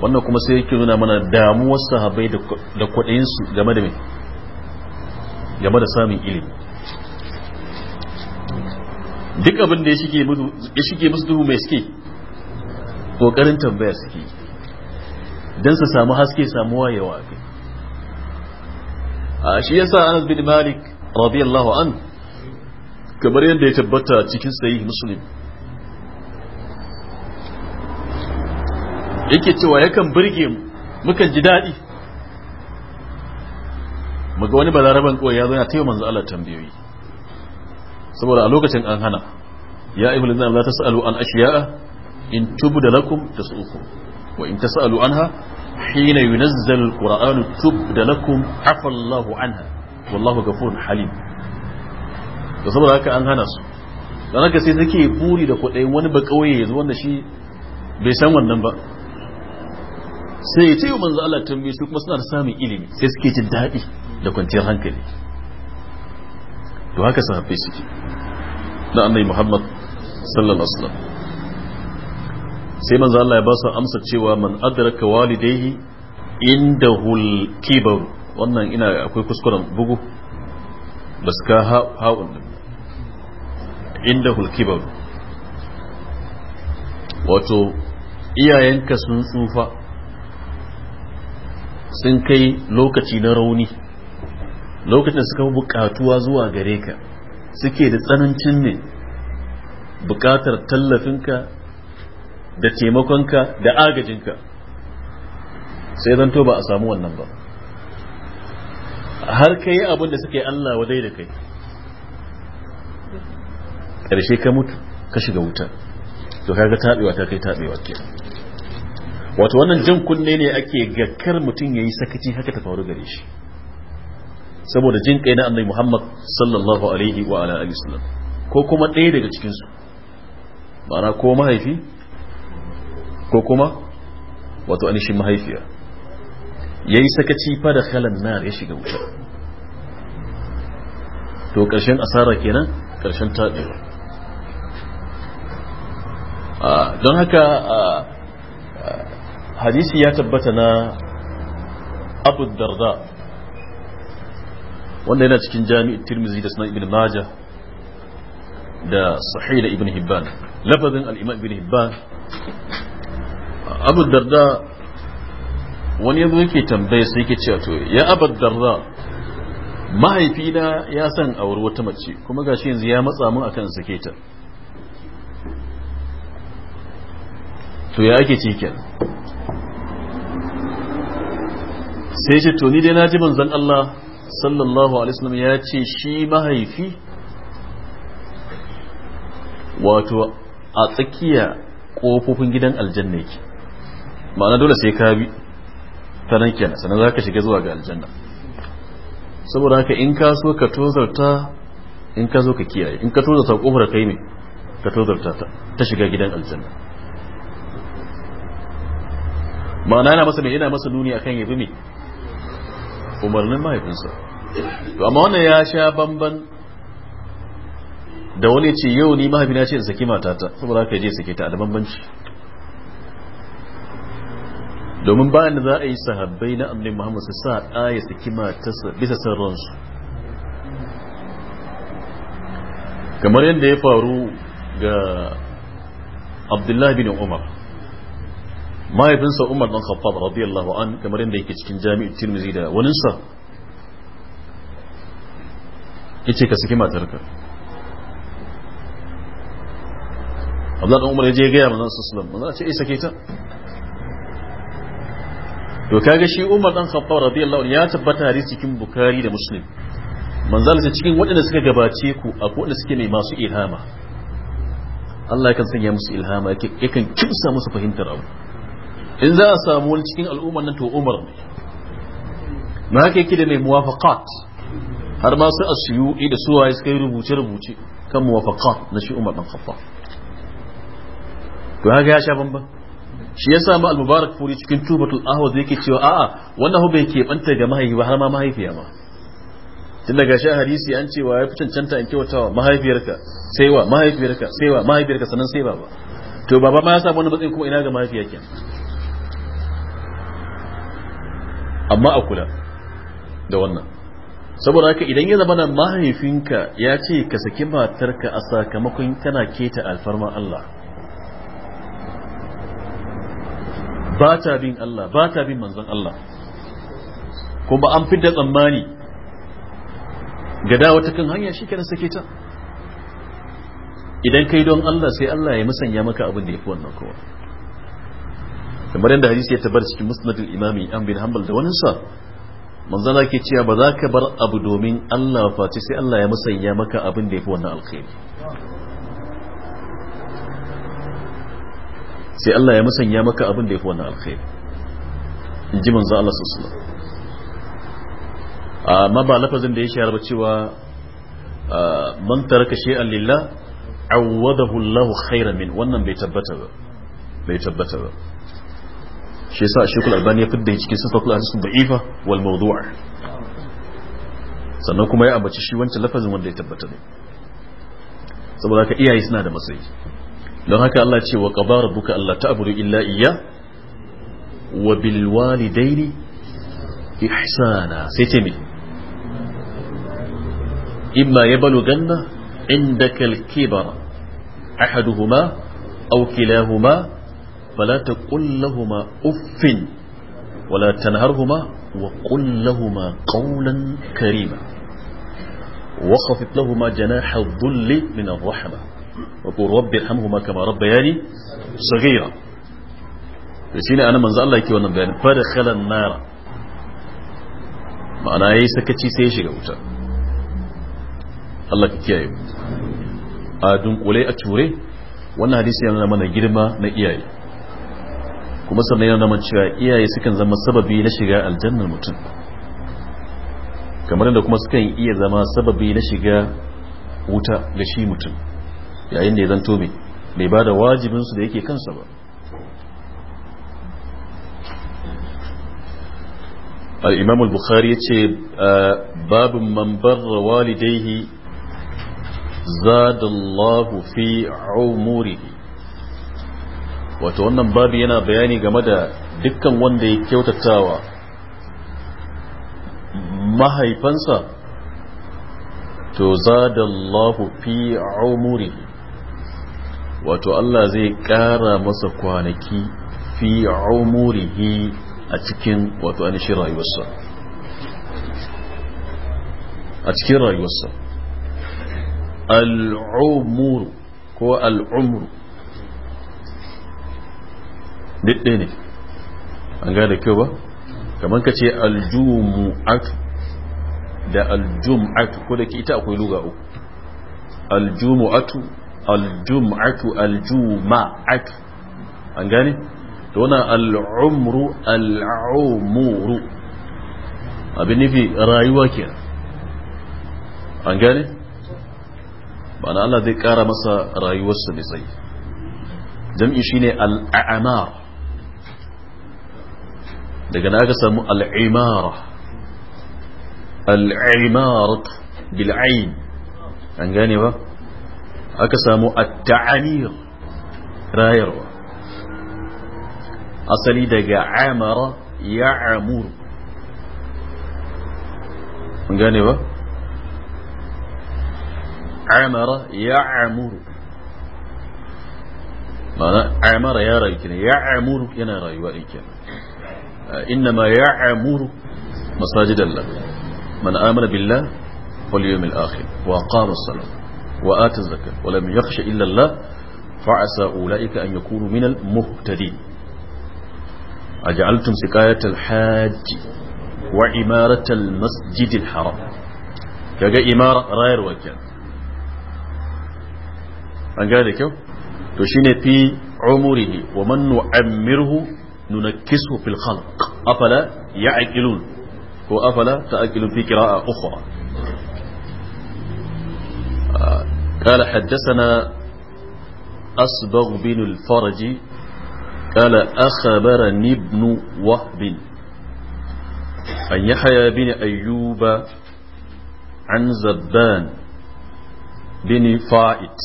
wannan kuma sai yake nuna mana damuwar sahabbai da su game da me game da samun ilimi duk abin da ya shige musu duhu mai suke kokarin tambaya suke don su samu haske samu wayewa a kai shi yasa anas bin malik radiyallahu an kamar yadda ya tabbata cikin sahih muslim yake cewa yakan burge mu mukan ji daɗi muga wani balaraban kawai ya zo yana taiwa manzo Allah tambayoyi saboda a lokacin an hana ya ayyuhal za ta sa'alu an ashiya in tubu da lakum uku. Wa'inta in tasalu anha hina yunazzal alqur'anu tubda lakum afa Allahu anha wallahu ghafurun saboda haka an hana su dan haka sai take buri da kudai wani ba kauye yanzu wanda shi bai san wannan ba sai ya ce manzo Allah tambaye su kuma suna da samun ilimi sai suke daɗi da kwanciyar hankali to haka sahabbai suke da Muhammad sallallahu alaihi sai manzo Allah ya ba su amsa cewa man adraka walidayhi hul kibar wannan ina akwai kuskuren bugu da suka hawan din hul kibar wato iyayenka sun tsufa sun kai lokaci na rauni lokacin suka fi bukatuwa zuwa gare ka suke da tsanancin ne buƙatar tallafinka da taimakonka da agajinka sai zanto ba a samu wannan ba har ka yi abin da suka yi Allah wadai da kai ƙarshe ka mutu ka shiga wuta to kaga taɓewa ta kai taɓewa ke wato wannan jan kunne ne ake ga kar mutum ya yi sakaci haka ta faru gare shi saboda jin kai na annabi Muhammad sallallahu alaihi wa ala alihi ko kuma ɗaya daga cikin su ma'ana ko mahaifi ko kuma wato anishin mahaifiya ya yi sakaci fada da khalan nar ya shiga wuta to ƙarshen asara kenan ƙarshen taɗewa don haka hadisi ya tabbata na abu darda wanda yana cikin jami'in tirmizi da suna ibn majah da sahih da ibn hibban lafazin al ibn hibban abu darda wani yanzu yake tambaye sai yake cewa to ya abu darda mahaifina ya san auri wata mace kuma gashi yanzu ya matsa mun akan sake ta to ya ake cikin sai ce to ni dai na ji manzon Allah sallallahu alaihi wasallam ya ce shi mahaifi wato a tsakiya kofofin gidan aljanna yake ma'ana dole sai ka bi ta nan kenan sannan za ka shiga zuwa ga aljanna saboda haka in ka so ka tozarta in ka zo ka kiyaye in ka tozarta kofar kai ne ka tozarta ta ta shiga gidan aljanna ma'ana yana masa mai yana masa nuni akan yabi mai umarnin mahaifinsa to amma wannan ya sha bamban da wani ce yau ni mahaifina ce in saki matata saboda haka je sake ta da bambanci domin bayan da za a yi sahabbai na annabi Muhammadu su sa aya su kima ta bisa san kamar yadda ya faru ga Abdullahi bin Umar mahaifinsa Umar dan Khattab radiyallahu an kamar yadda yake cikin Jami'in Tirmidhi da waninsa ce ka saki matarka Abdullahi dan Umar ya je ga manzon sallallahu alaihi wasallam ce ya eh, sake ta to kaga shi Umar dan Khattab radiyallahu anhu ya tabbata hadisi cikin Bukhari da Muslim manzal ce cikin waɗanda suka gabace ku akwai waɗanda suke mai masu ilhama Allah kan sanya musu ilhama yakan kimsa musu fahimtar abu in za a samu wani cikin al'ummar nan to Umar ne ma haka yake da mai muwafaqat har ma su asyu'i da suwaye suka yi rubuce rubuce kan muwafaqat na shi Umar dan Khattab to haka ya sha bamban shi ya samu al-mubarak furi cikin tubatul ahwaz yake cewa a'a wannan bai ke banta ga mahaifi ba har ma mahaifiya ma tun daga shi hadisi an cewa ya fi cancanta in kyauta mahaifiyarka sai wa mahaifiyarka sai wa mahaifiyarka sannan sai baba to baba ma ya samu wannan matsayin kuma ina ga mahaifiya ke amma a kula da wannan saboda haka idan ya zama na mahaifinka ya ce ka saki matarka a sakamakon kana keta alfarma Allah ba ta bin Allah ba ta bin manzon Allah kuma an fidda tsammani ga dawo ta kan hanya shi kenan sake ta idan kai don Allah sai Allah ya musanya maka abin da ya fi wannan kowa kamar yadda hadisi ya tabbata cikin musnadul imami an bin hanbal da wani sa manzon Allah ke cewa ba za ka bar abu domin Allah face sai Allah ya musanya maka abin da ya fi wannan alkhairi sai Allah ya musanya maka abin da ya fi wannan alkhairi in ji manzo Allah sallallahu alaihi wasallam amma ba lafazin da ya shahara ba cewa man taraka shay'an lillah awwadahu Allahu khairan min wannan bai tabbata ba bai tabbata ba shi yasa shekul albani ya fidda cikin sifatul hadisi da'ifa wal mawdu'a sannan kuma ya ambaci shi wancan lafazin wanda ya tabbata ne saboda haka iyaye suna da matsayi don haka Allah ce wa buka Allah ta ta'budu illa iyya wa bil walidaini ihsana sai ce mi imma yablughanna indaka al kibara ahaduhuma aw kilahuma fala taqul lahumā uffin wala tanharhuma wa qul lahumā qawlan karima واخفض لهما جناح الظل من الرحمه وقل رب ارحمهما كما ربياني صغيرا shine anan manzo Allah yake wannan bayanin fa dakhalan nar ma'ana yayi sakaci sai ya shiga wuta Allah a a ture wannan hadisi yana mana girma na iyaye kuma sannan yana mana cewa iyaye sukan zama sababi na shiga aljannar mutum kamar da kuma sukan iya zama sababi na shiga wuta ga shi mutum yayin da ya zanto mai bai ba da wajibinsu da yake kansa ba al'imam al-bukhari ya ce ah, babin mambar walidaihi zadallahu fi umurihi wato wannan babu yana bayani game da dukkan wanda ya kyautatawa mahaifansa to zadallahu fi umurihi wato Allah zai ƙara masa kwanaki fi umurihi a cikin wato anishin rayuwarsa a cikin rayuwarsa al'umur ko al'umur ɗiɗɗe ne an gane kyau ba kamar ka ce aljumu'atu da aljum'atu ko da ke ita akwai luga uku aljumu'atu aljum'atu aljuma'atu an gane to wannan al'umru al'umuru abin nufi rayuwa ke an gane ma'ana Allah zai kara masa rayuwarsa ne sai jam'i shine al'amar daga na aka samu al'imara al'imarat bil'ain an gane ba aka samu at-ta'amir rayarwa asali daga amara ya'mur mun gane ba amara ya'mur mana amara ya rayu kina ya'mur amuru yana rayuwa in kenan innama ya'mur amuru masajidallah man amana billah wal yawmil akhir wa aqama as-salat وآت الزكاة ولم يخش إلا الله فعسى أولئك أن يكونوا من المهتدين أجعلتم سكاية الحاج وعمارة المسجد الحرام كجا إمارة غير وكان أن قال لك تشين في عمره ومن نعمره ننكسه في الخلق أفلا يعقلون وأفلا تأكلون في قراءة أخرى قال حدثنا أصبغ بن الفرج قال أخبرني ابن وهب عن يحيى بن أيوب عن زبان بن فائت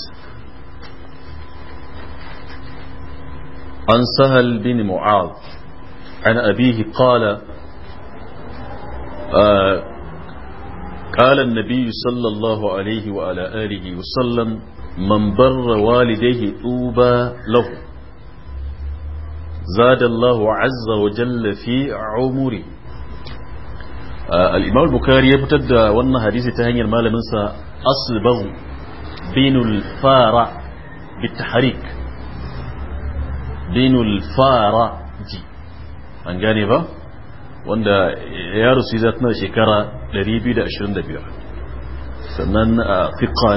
عن سهل بن معاذ عن أبيه قال آه قال النبي صلى الله عليه وعلى آله وسلم من بر والديه طوبى له زاد الله عز وجل في عمره آه الإمام البخاري يبتد وانا حديث تهني المال منسى أصل بغو بين الفارع بالتحريك بين الفارع جي an gane ba wanda ya rusu zai tana shekara 225 sannan a fiqa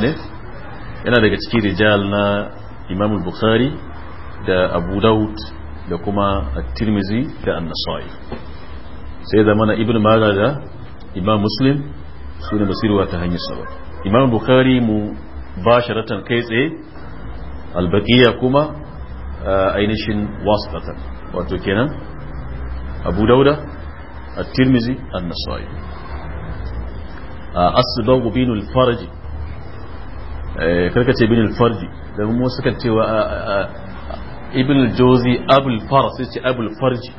yana daga cikin rijal na imam bukhari da abu daud da kuma at tirmidhi da an-nasa'i sai da mana ibn majah da imam muslim su ne masirwa ta hanyar sabab imam bukhari mu basharatan kai tsaye al-baqiya kuma ainihin wasatan wato kenan abu dauda at tirmidhi an-nasa'i asbagu binul farji karkace binul farji don mu suka cewa ibn jozi abul far sai ce abul farji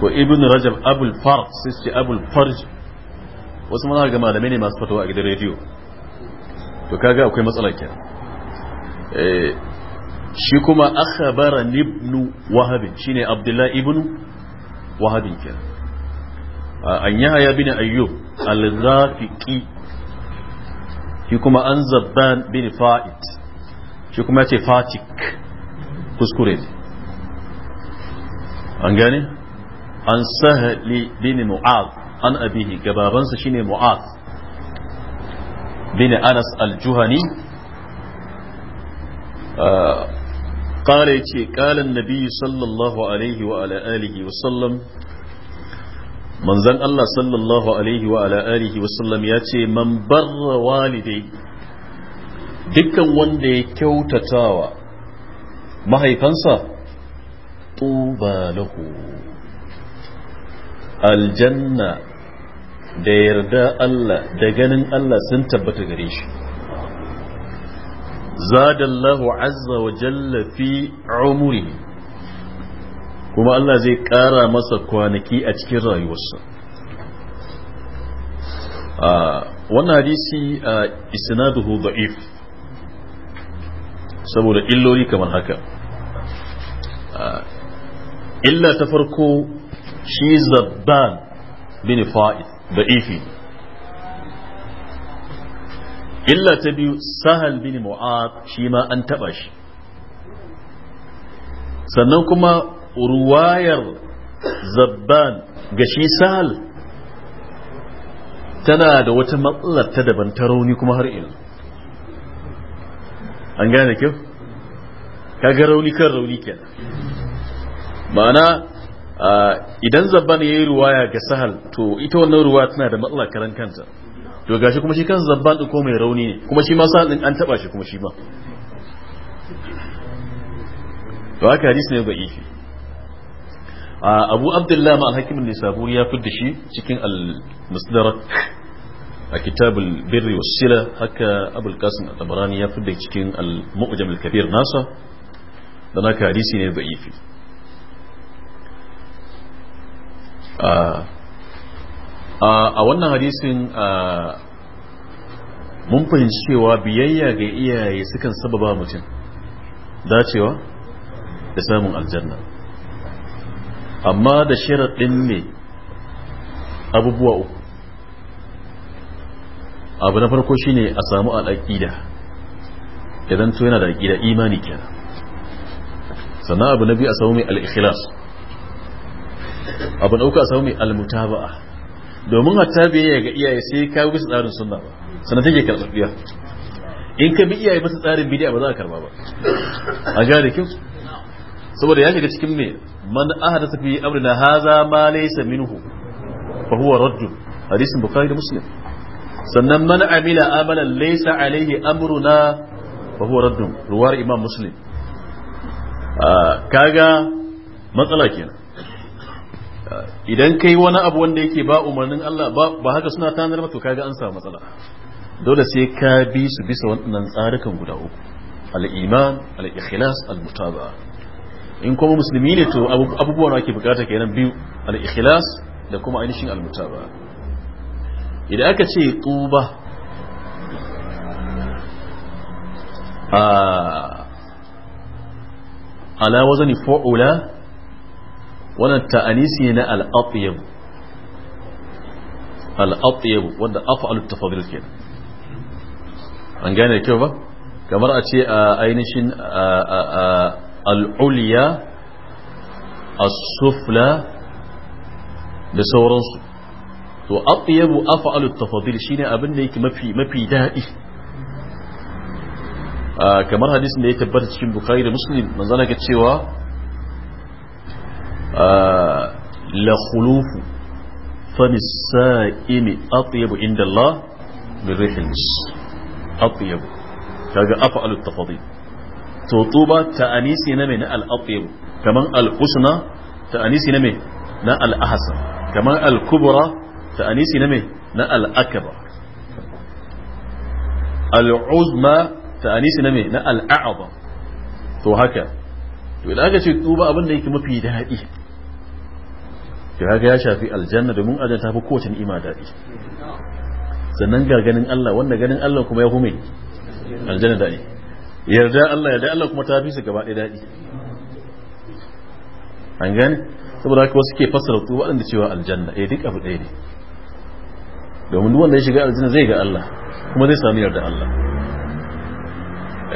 ko ibn rajab abul far sai ce abul farji wasu mana ga malamai ne masu fatawa a gidan rediyo to kaga akwai matsala kenan shi kuma akhbara ibn wahab shine abdullahi ibn wahab kenan an yahya bin ayyub al-rafiqi shi kuma an zabban bin fa'id shi kuma ce fatik kuskure ne an gane an sahali bin mu'ad an abihi gababansa shine mu'ad bin anas al-juhani قال يتي قال النبي صلى الله عليه وعلى آله وسلم manzan Allah sallallahu alaihi wa alihi wa ya ce man barra walidai dukkan wanda ya kyautatawa mahaifansa tuba lahu aljanna da yarda Allah da ganin Allah sun tabbata gare shi zadallahu azza wa jalla fi kuma Allah zai ƙara masa kwanaki a cikin rayuwarsa wannan hadisi a isnaduhu da'if saboda illoli kamar haka illa ta farko shi zabban bin fa'id da'ifi illa ta biyu sahal bin mu'ad shi ma an taba shi sannan kuma ruwayar zabban ga shi sahal tana da wata matsalar ta daban ta rauni kuma har ina an gane kyau kaga rauni kan rauni kenan ma'ana idan zabban ya yi ruwaya ga sahal to ita wannan ruwa tana da matsala karan kanta to gashi kuma shi kan zabban ɗin ko mai rauni ne kuma shi ma sahal ɗin an taɓa shi kuma shi ba to haka hadis ne ba ifi abu abdullahi ma al-hakim nisaburi ya fidda shi cikin al-musdarak a kitabul birri was sila haka abul qasim at-tabarani ya fidda cikin al-mu'jam al-kabir nasa da haka hadisi ne da'ifi a wannan hadisin mun fahimci cewa biyayya ga iyaye sukan sababa mutum dacewa da samun aljanna amma da sharaɗin ne abubuwa uku abu na farko shine a samu al'aƙida idan to yana da aƙida imani kenan sannan abu na biyu a samu mai al'ikhlas abu na uku a samu mai almutaba'a domin hatta biyayya ga iyaye sai ka bisa tsarin sunna ba sannan take karɓar in ka bi iyaye masu tsarin bidiya ba za a karɓa ba a gane kyau saboda ya shiga cikin me man ahdatha fi amrina haza ma laysa minhu fa huwa radd hadisin bukhari da muslim sannan man amila amalan laysa alayhi amruna fa huwa radd ruwar imam muslim ah, kaga matsala kenan ah, idan kai wani abu wanda yake ba umarnin Allah ba haka suna tanar maka kaga an samu matsala dole sai ka bi su bisa wannan tsarukan guda uku al-iman al-ikhlas al-mutaba'a in kuma musulmi ne to abubuwan da ake bukata kenan biyu al-ikhlas da kuma ainihin al-mutaba idan aka ce tuba a ala wazani fa'ula wannan ta'anisi ne al-atyab al-atyab wanda af'alu tafadil kenan an gane kyau ba kamar a ce a ainihin العليا السفلى بسورة تو أطيب أفعل التفاضيل شين أبنيك ما في ما في دائي آه، كما حديث نيت برد شين بخير مسلم من زنا كتشوا آه، لخلوف فم السائم أطيب عند الله من ريح المس أطيب كذا أفعل التفاضيل to tuba ta'anisi na mai na al-atyib kaman al-husna ta'anisi na mai na al-ahsan kaman al-kubra ta'anisi na mai na al'akaba akbar al-uzma ta'anisi na mai na al to haka to idan aka ce tuba abin da yake mafi daɗi to haka ya shafi aljanna domin aljanna ta fi kowace ni'ima daɗi sannan ga ganin Allah wanda ganin Allah kuma ya hume aljanna daɗi yarda Allah yarda Allah kuma ta fi su gaba ɗaya daɗi an gane saboda haka wasu ke fassara tu waɗanda cewa aljanna eh duk abu ɗaya ne domin duk wanda ya shiga aljanna zai ga Allah kuma zai sami yarda Allah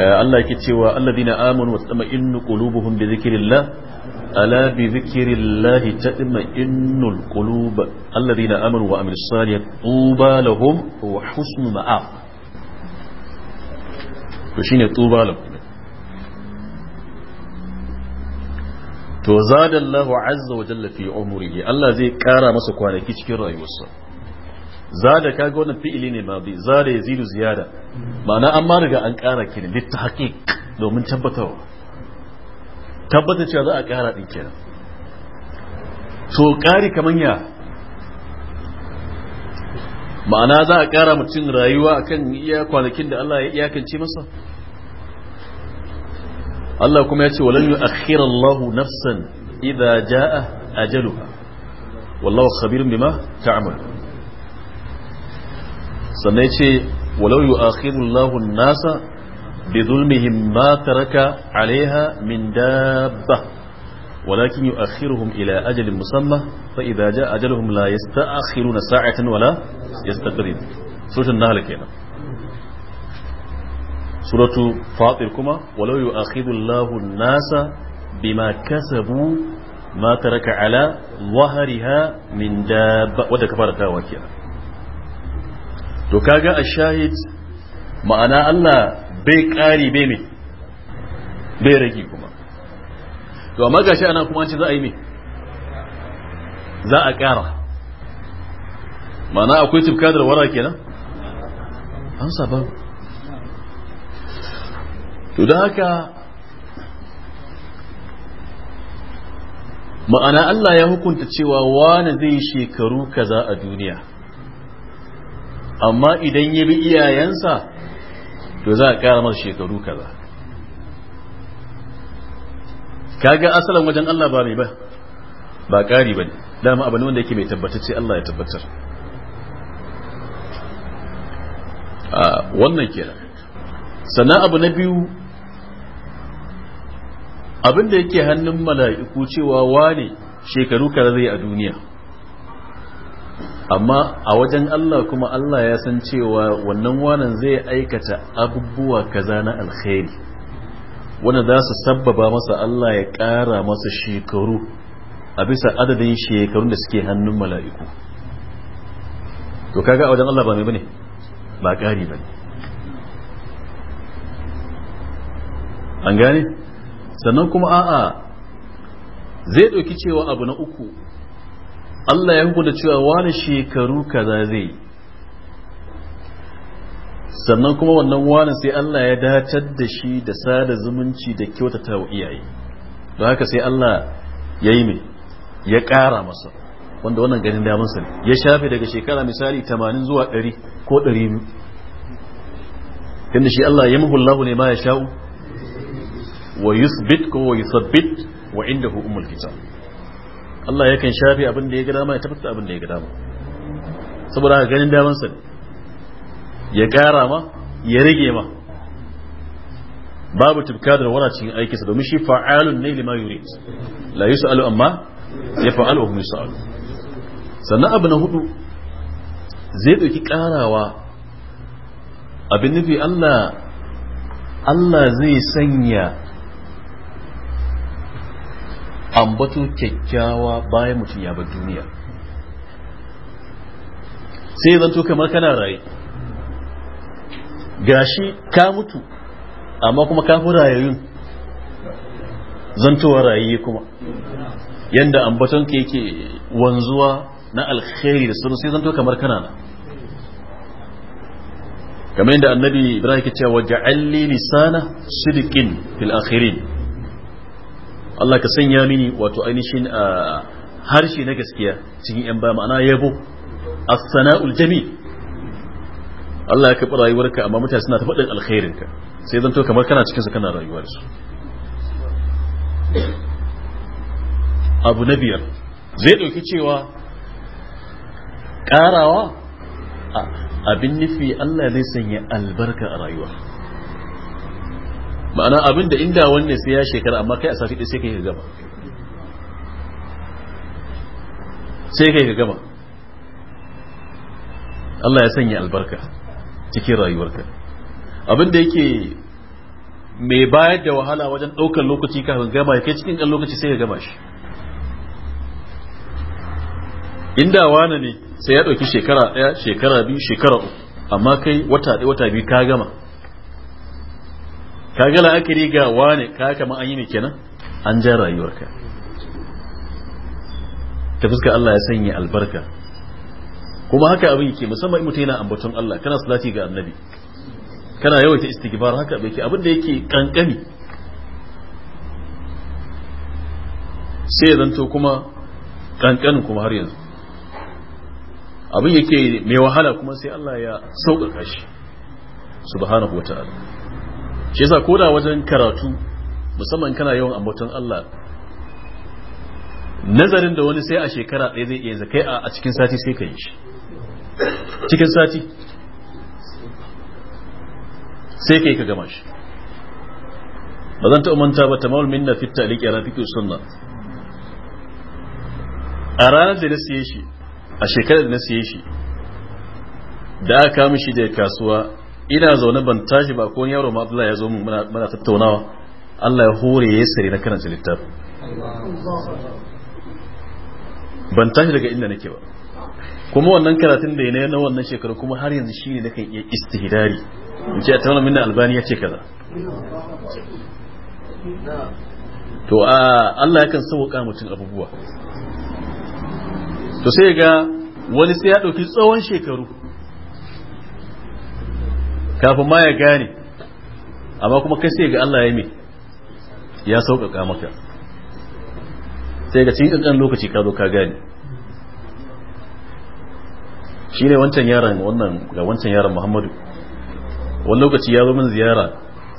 eh, Allah yake cewa alladina amanu wa tatma'innu qulubuhum bi dhikrillah ala bi dhikrillah tatma'innul qulub alladina amanu wa amilus salihati tuba lahum wa husnu ma'ab to shine tuba lahu to zadallahu azza wa jalla fi umrihi Allah zai kara masa kwanaki cikin rayuwarsa zada kaga wannan fi'ili ne madi zada yazidu ziyada ma'ana an ma riga an kara ki ne littahaqiq domin tabbatawa. tabbata cewa za a kara din kenan to kari kaman ya ma'ana za a kara mutum rayuwa akan iya kwanakin da Allah ya iyakance masa Allah kuma ya ce walan akhira Allahu nafsan idza jaa ajaluha wallahu khabirun bima ta'mal sannan ya ce walau yu'akhkhiru Allahu an-nasa bi zulmihim ma taraka 'alayha min dabba ولكن ila ajalin أجل fa فإذا جاء أجلهم لا يستأخرون ساعة ولا يستقرون سوش النهل كينا suratu fatir kuma walau yu'akhidu Allahu an-nasa bima kasabu ma taraka ala wahariha min dabba wadda ka fara kawo kenan to kaga a shahid ma'ana Allah bai kari bai mai bai rage kuma to amma gashi ana kuma ce za a yi me za a ƙara. ma'ana akwai tibkadar wara kenan an saba to da haka ma'ana Allah ya hukunta cewa wani zai shekaru kaza a duniya amma idan ya bi iyayensa to za a kara masa shekaru kaza kaga asalin wajen Allah ba mai ba ba ƙari ba dama abu ne wanda yake mai tabbatar ce Allah ya tabbatar ah, wannan kenan sannan abu na biyu abin da yake hannun mala'iku cewa wane shekaru kaza zai a duniya amma a wajen Allah kuma Allah ya san cewa wannan wanan zai aikata abubuwa kaza na alkhairi wanda za su sabbaba masa Allah ya ƙara masa shekaru a bisa adadin shekaru da suke hannun mala'iku to kaga a wajen Allah ba mai bane ba ƙari bane an gane? sannan kuma a'a zai ɗauki cewa abu na uku Allah ya hukunta cewa wani shekaru kaza zai yi sannan kuma wannan wani sai Allah ya datar da shi da sada zumunci da kyautata wa iyaye don haka sai Allah ya yi mai ya ƙara masa wanda wannan ganin damansa ne ya shafe daga shekara misali 80 zuwa 100 ko 100 inda shi Allah ya muhullahu ne ma ya sha'u wa yusbit ko wa yusabbit wa indahu umul kitab Allah yakan shafe abin da ya ga dama ya tabbata abin da ya ga dama saboda haka ganin daman sa ya kara ma ya rage ma babu tibka da wara cikin aikinsa domin shi fa'alun ne lima yurid la yus'alu amma ya fa'alu hum yus'alu sannan abu na hudu zai dauki karawa abin nufi Allah Allah zai sanya ambato kyakkyawa bayan mutum ya bar duniya sai zanto kamar kana raye gashi ka mutu amma kuma ka fi rayayyun zantowa rayayye kuma yadda ambaton ka yake wanzuwa na alkhairi da sunu sai zanto kamar kana na kamar yadda annabi ibrahim ke cewa ja'alli lisana sidikin fil akhirin Allah ka sanya mini wato ainihin ah, harshe na gaskiya cikin yan ba ma'ana yabo as-sana'ul jamil Allah ya kaɓi rayuwarka amma mutane suna ta faɗin alkhairinka sai zanto kamar kana cikin su kana rayuwar su abu na biyar zai ɗauki cewa ƙarawa abin nufi Allah zai sanya albarka a rayuwa ma'ana abin da inda wannan sai ya shekara amma kai a sati ɗaya sai kai ka gama sai kai ka gama Allah ya sanya albarka cikin rayuwarka abin da yake mai bayar da wahala wajen ɗaukar lokaci kafin gama kai cikin ɗan lokaci sai ka gama shi inda wani ne sai ya ɗauki shekara ɗaya shekara biyu shekara uku amma kai wata ɗaya wata biyu ka gama ka ga la'akari ga wane ka kama an yi ne kenan an ja rayuwarka ta fuska Allah ya sanya albarka kuma haka abin yake musamman mutum yana ambaton Allah kana salati ga annabi kana yawaita istighfar haka abin yake abin da yake kankani sai zanto kuma kankanin kuma har yanzu abin yake mai wahala kuma sai Allah ya sauƙaƙa shi subhanahu wa ta'ala shi yasa koda wajen karatu musamman kana yawan ambaton Allah nazarin da wani sai a shekara ɗaya zai iya zakai a cikin sati sai ka yi shi cikin sati sai ka yi ka gama shi ba zan taɓa manta ba ta maulmin na fitta aliki a rafiƙi sunna a ranar da na siye shi a shekarar da na siye shi da aka mishi da kasuwa ina zaune ban tashi ba ko yaro ma Abdullahi ya zo mun muna tattaunawa Allah ya hore ya sare na karanta littafi ban tashi daga inda nake ba kuma wannan karatun da yana na wannan shekaru kuma har yanzu shine da kan iya istihdari in ce a tauna minna albani ya ce kaza to a Allah yakan sauƙa mutum abubuwa to sai ga wani sai ya ɗauki tsawon shekaru kafin ma ya gane amma kuma kai sai ga Allah ya mai ya sauƙaƙa maka sai ga cikin ƙanƙan lokaci ka zo ka gane shi ne wancan yaran wannan ga wancan yaran muhammadu wani lokaci ya zo min ziyara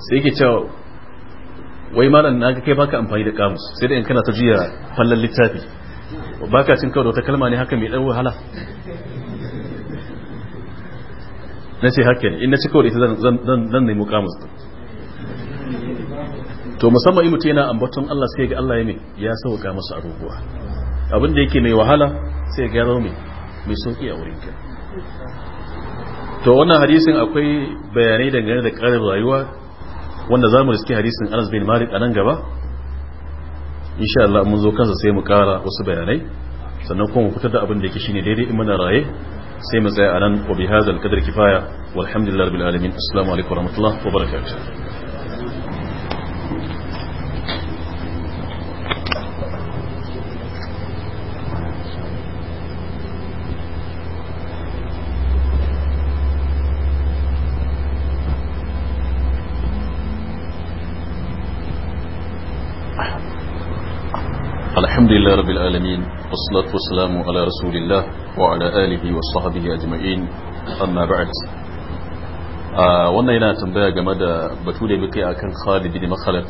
sai yake cewa wai malam na ga kai baka amfani da kamus sai da in kana ta jiya fallon littafi baka cin karo ta kalma ne haka mai dan wahala na ce haka ne in na ci kawai ita zan nemi kamus to musamman in mutum yana ambaton Allah sai ga Allah ya ne ya sauka masa abubuwa abin da yake mai wahala sai ga yaro mai mai sauki a wurin ka to wannan hadisin akwai bayanai dangane da karin rayuwa wanda za mu riske hadisin Anas bin Malik a nan gaba insha Allah mun zo kansa sai mu kara wasu bayanai sannan kuma mu fitar da abin da yake shine daidai in muna raye سيما زي أنا وبهذا القدر كفاية والحمد لله رب العالمين السلام عليكم ورحمة الله وبركاته الحمد لله رب العالمين والصلاة والسلام على رسول الله وعلى آله وصحبه أجمعين أما بعد wannan yana tambaya game da batu da muke akan Khalid bin Makhalat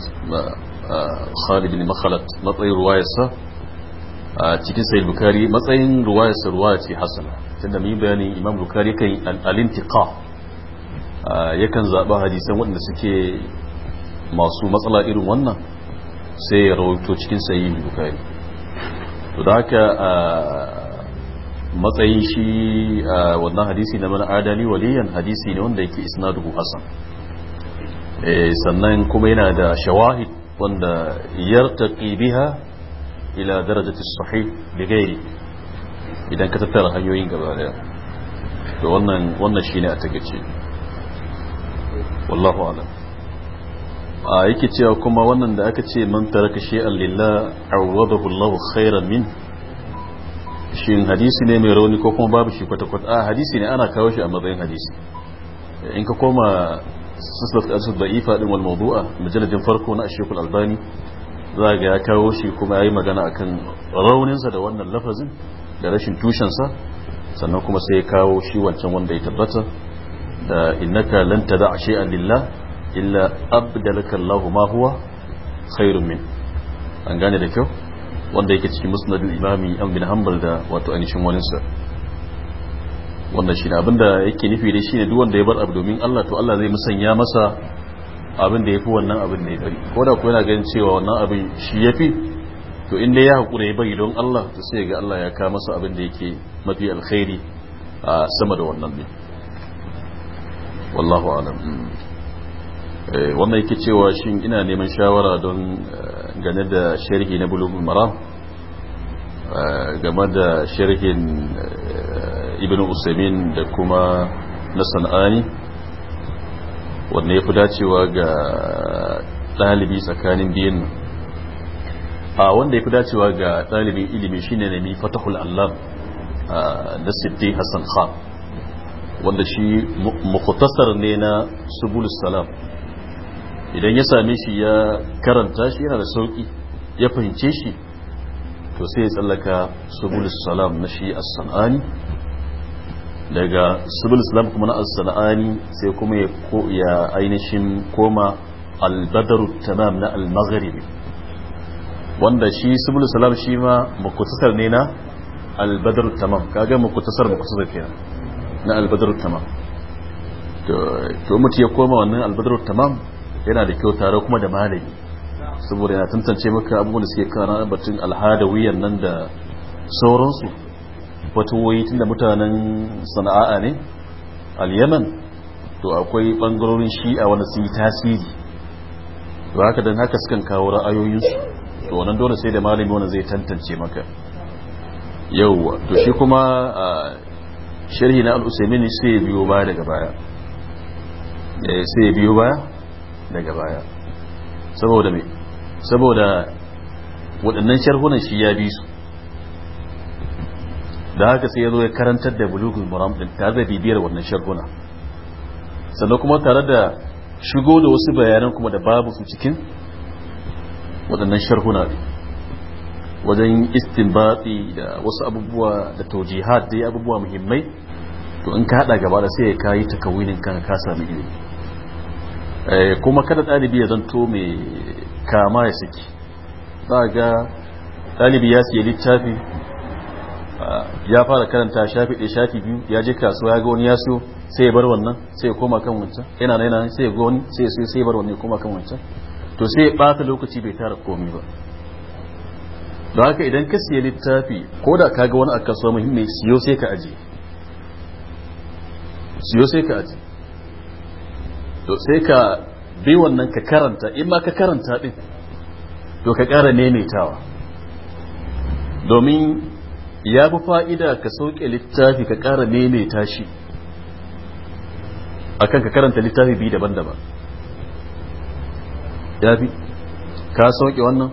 Khalid bin Makhalat matsayin ruwayarsa cikin Sahih Bukhari matsayin ruwayarsa ruwaya ce hasana tunda mun bayani Imam Bukhari kan al-intiqa yakan zaba hadisan waɗanda suke masu matsala irin wannan sai ya rawaito cikin Sahih Bukhari to da matsayin shi wannan hadisi na mana adali waliyan hadisi ne wanda yake isnaduhu hasan eh, sannan kuma yana da shawahid wanda yartaqi biha ila darajati sahih bi idan ka tattara hanyoyin gaba daya to wannan wannan shine a tagace wallahu a'lam a yake cewa kuma wannan da aka ce man taraka shay'an lillah awadahu Allahu khairan min shin hadisi ne mai rauni ko kuma babu shi kwata kwata a hadisi ne ana kawo shi a matsayin hadisi in ka koma sislat al-asad da'ifa din wal mawdu'a mujalladin farko na Sheikh Al-Albani za ga ya kawo shi kuma yayi magana akan rauninsa da wannan lafazin da rashin tushensa sannan kuma sai ya kawo shi wancan wanda ya tabbata da innaka lan tada'a shay'an lillah illa abdalaka Allah ma huwa khairun min an gane da kyau wanda yake cikin musnadul imami an bin hanbal da wato wani sa Wannan shi abinda yake nufi da shi ne duk wanda ya bar abu domin Allah to Allah zai musanya masa abin da ya fi wannan abin da ya bari ko da ku yana ganin cewa wannan abin shi ya fi to in dai ya hakura ya bari don Allah to sai ga Allah ya kawo masa abin da yake mafi alkhairi a sama da wannan ne wallahu alam hmm. Eh, wannan yake cewa shin ina neman shawara don eh, gane da sharhi na bulugul mara eh, game da sharhin ibn Usamin da kuma na san'ani wanda ya fi dacewa ga ɗalibi tsakanin biyan a wanda ya fi dacewa ga ɗalibin ilimi shine mi fatahul allah na siddi hassan Kha. wanda shi mukhtasar ne na subul salam idan ya same shi ya karanta shi yana da sauki ya fahimce shi to sai ya tsallaka subulus salam na shi as-sanani daga subulus salam kuma na as-sanani sai kuma ya ainihin koma al-badr tamam na al-maghribi wanda shi subulus salam shi ma mukutasar ne na al-badr tamam kaga mukutasar mukutasar kenan na al-badr tamam to mutu ya koma wannan al-badr tamam yana da kyau tare kuma da malami saboda yana tantance maka abubuwan da suke kana batun alhadawiyan nan da sauransu tun da mutanen sana'a ne al-yaman to akwai bangarorin shi'a wanda sun yi tasiri to haka don haka sukan kawo ra'ayoyinsu to wannan dole sai da malami wanda zai tantance maka yauwa to shi kuma sharhi na al-usaimini sai biyo baya daga baya eh, sai biyo baya daga baya saboda me saboda waɗannan sharhunan shi ya bi su da haka sai ya zo ya karantar da bulugul muram din tare da bibiyar wannan sharhuna sannan kuma tare da shigo da wasu bayanan kuma da babu su cikin waɗannan sharhuna ne wajen istinbati da wasu abubuwa da ta'ujihad dai abubuwa muhimmai to in ka hada gaba da sai ka yi takawinin kan ka sami ilimi Eh, kuma kada ɗalibi ya zanto mai kama ya saki za ga ɗalibi ya siya littafi ya fara karanta shafi ɗaya shafi biyu ya je kasuwa ya ga wani ya siyo sai ya bar wannan sai ya koma kan wancan yana na yana sai ya ga wani sai ya siyo sai ya bar wannan ya koma kan wancan to sai ya ɓata lokaci bai tara komi ba don haka idan ka siya littafi ko da ka ga wani a kasuwa muhimmi siyo sai ka aje siyo sai ka aje to sai ka bi wannan ka karanta in ma ka karanta din to ka ƙara nemetawa. domin ya fi fa'ida ka sauke littafi ka ƙara nemeta shi akan ka karanta littafi biyu daban-daban ya fi ka sauke wannan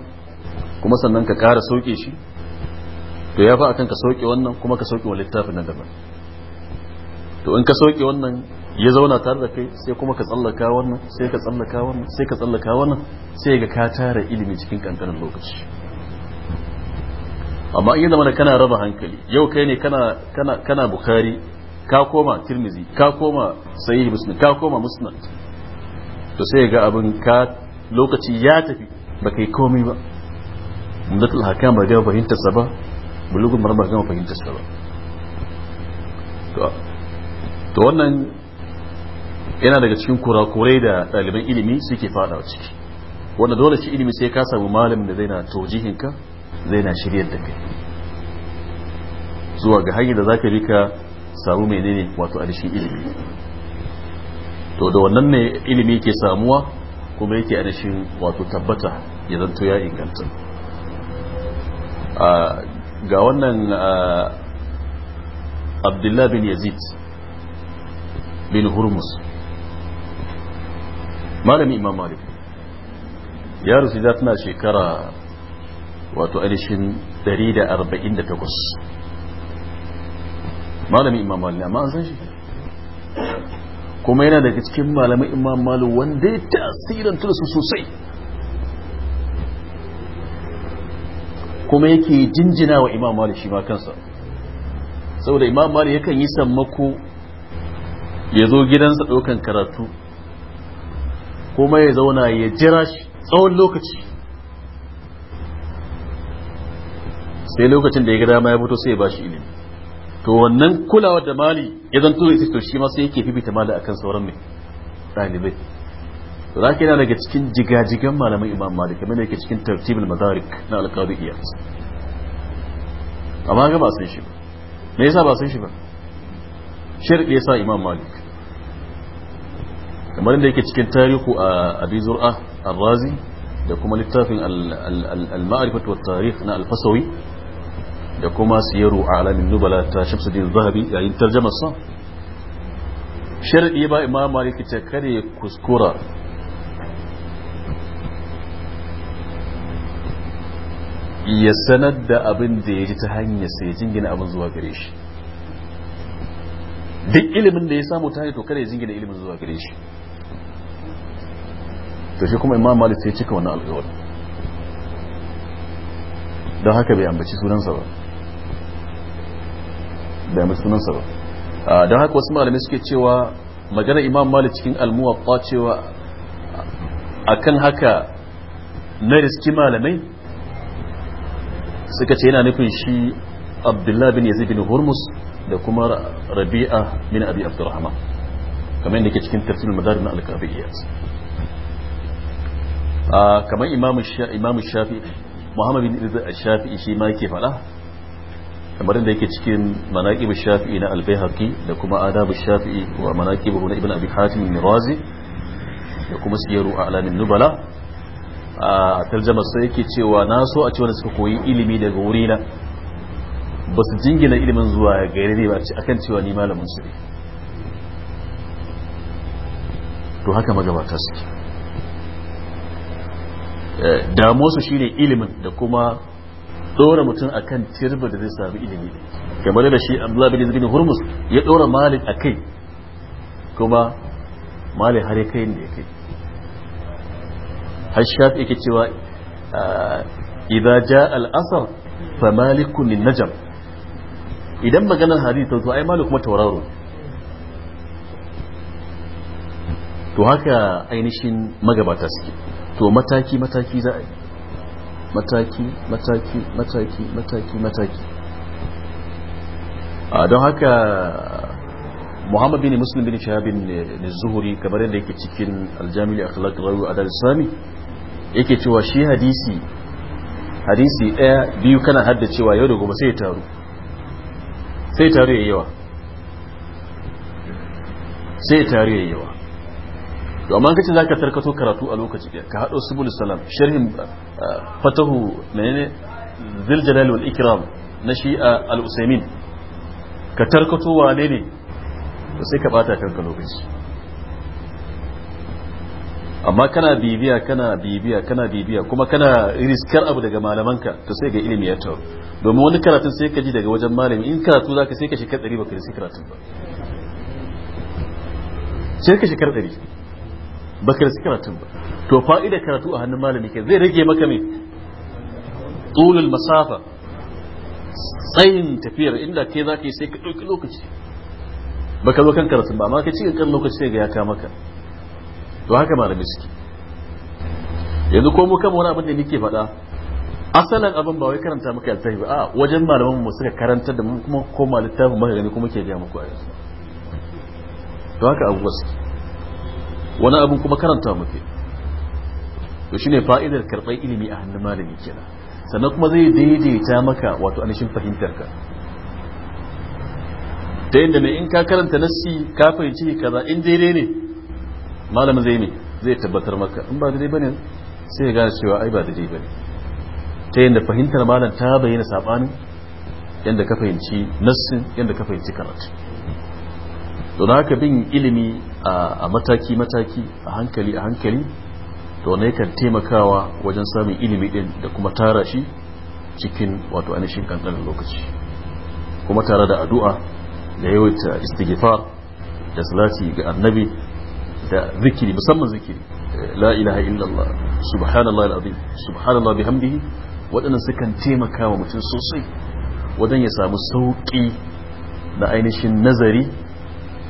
kuma sannan ka ƙara sauke shi to ya fi akan ka sauke wannan kuma ka sauke wa littafin nan daban to in ka sauke wannan ya zauna tare da kai sai kuma ka tsallaka wannan sai ka tsallaka wannan sai ka tsallaka wannan sai ga ka tara ilimi cikin kankanin lokaci amma in mana kana raba hankali yau kai ne kana kana kana bukhari ka koma tirmizi ka koma sahih muslim ka koma musnad to sai ga abin ka lokaci ya tafi ba kai komai ba mudatul hakama da fahimtar sa ba bulugun marmar gama fahimtar sa ba to wannan yana daga cikin kurakurai da ɗaliban ilimi suke fada ciki wanda dole shi ilimi sai ka samu malamin da zai na ka zai na shiryar da kai zuwa ga hanyar da za ka rika samu menene wato arishin ilimi to da wannan ne ilimi ke samuwa kuma yake arishin wato tabbata ya zanto ya inganta ga wannan abdullahi bin yazid bin hurmus malami imam malik ya rusu da tana shekara wato alishin 148 malami imam malik amma an san shi kuma yana daga cikin malamin imam malik wanda ya tasirantar su sosai kuma yake jinjina wa imam malik shi ma kansa saboda imam malik yakan yi sammako ya zo gidansa ɗaukan karatu kuma ya zauna ya jira shi tsawon lokaci sai lokacin da ya ga dama ya fito sai ya ba shi ilimi to wannan kulawar da mali ya zanto ya to shi ma sai yake fifita mali a kan sauran mai ɗalibai to zaka yana daga cikin jigajigan malamin imam malik kamar yake cikin tartibin madarik na iya amma ga ba san shi ba me yasa ba san shi ba ya sa imam malik kamar da yake cikin tarihu a abi zur'a ar-razi da kuma littafin al-ma'rifatu wat-tarikh na al-fasawi da kuma siyaru alamin nubala ta shamsuddin zahabi yayin tarjamar sa shar'i ba imam malik ta kare kuskura ya sanar da abin da ya ji ta hanyar sai jingina abin zuwa gare shi duk ilimin da ya samu ta to kada ya jingina ilimin zuwa gare shi to shi kuma imam malik sai cika wannan alƙawari don haka bai ambaci sunansa ba bai ambaci sunansa ba don haka wasu malamai suke cewa magana imam malik cikin almuwatta cewa akan haka na riski malamai suka ce yana nufin shi abdullahi bin yazid bin hurmus da kuma rabi'a bin abi abdurrahman kamar yadda ke cikin tafsirin madarin na alkabiyyat Ah, kamar imamu shafi muhammad bin idris shafi shi ma yake faɗa kamar da yake cikin manaqib al-shafi na al bayhaqi da kuma adab al-shafi wa manaqib na ibn abi hatim mirazi da kuma siyaru a'lamin nubala a ah, tarjuma sai yake cewa na so a ce wanda suka koyi ilimi daga wuri na ba su jingina ilimin zuwa gare ne ba akan cewa ni malamin su ne to haka magabata suke Eh, shi shine ilimin da kuma dora mutum akan tirba da zai sami ilimi kamar da shi abdullahi bin zubin hurmus ya dora malik a kai kuma malik har ya kai da ya kai har shafi yake cewa ah, idza ja al-asr fa malikun lin najm idan maganar hadisi ta zo ai malik kuma tauraro to haka ainihin magabata suke to mataki mataki za a yi mataki mataki mataki mataki mataki don haka muhammad bin muslim bin shahabin ne zuhuri kamar yadda yake cikin aljamili akhlaq rawi adal sami yake cewa shi hadisi hadisi daya biyu kana haddacewa yau da gobe sai taru sai taru yayi yawa sai taru yayi yawa to amma kace zaka tarkato karatu a lokaci ɗaya ka hado subul salam sharhin ah, fatahu menene zil jalal wal ikram na shi al usaymin ka tarkato wane ne To sai ka bata karka lokaci amma kana bibiya kana bibiya kana bibiya kuma kana riskar abu daga malamanka to sai ga ilimi ya taru domin wani karatun sai ka ji daga wajen malami in karatu zaka sai ka shekar ɗari baka shi karatun ba sai ka shekar ɗari baka da karatun ba to fa'ida karatu a hannun malami ke zai rage maka mai tsulul masafa tsayin tafiyar inda ke za ka yi sai ka ɗauki lokaci Ba ka zo kan karatun ba amma ka cikin kan lokaci sai ga ya kama ka to haka malami suke yanzu ko mu kama wani abin da nake faɗa asalin abin ba wai karanta maka littafi ba a wajen malaman mu suka karanta da mu kuma koma littafin maka gani kuma ke gaya muku a yanzu to haka abubuwa suke wani abu kuma karanta muke to shine fa'idar karɓar ilimi a hannun malami kenan sannan kuma zai daidaita maka wato anishin fahimtar ka ta yadda mai in ka karanta nassi ka fahimci kaza in daidai ne malamin zai ne zai tabbatar maka in ba daidai bane sai ya gane cewa ai ba daidai bane ta yadda fahimtar malam ta bayyana sabanin yadda ka fahimci nassin yadda ka fahimci karatu don haka bin ilimi a mataki-mataki a hankali a hankali to ne kan taimakawa wajen samun ilimi din da kuma tara shi cikin wato ainihin kankanin lokaci kuma tare da addu'a da yawaita istighfar da salati ga annabi da zikiri musamman zikiri la ilaha illallah subhanallahi alazim subhanallahi bihamdihi Wadannan sukan taimaka wa mutum sosai wajen ya samu sauƙi na ainihin nazari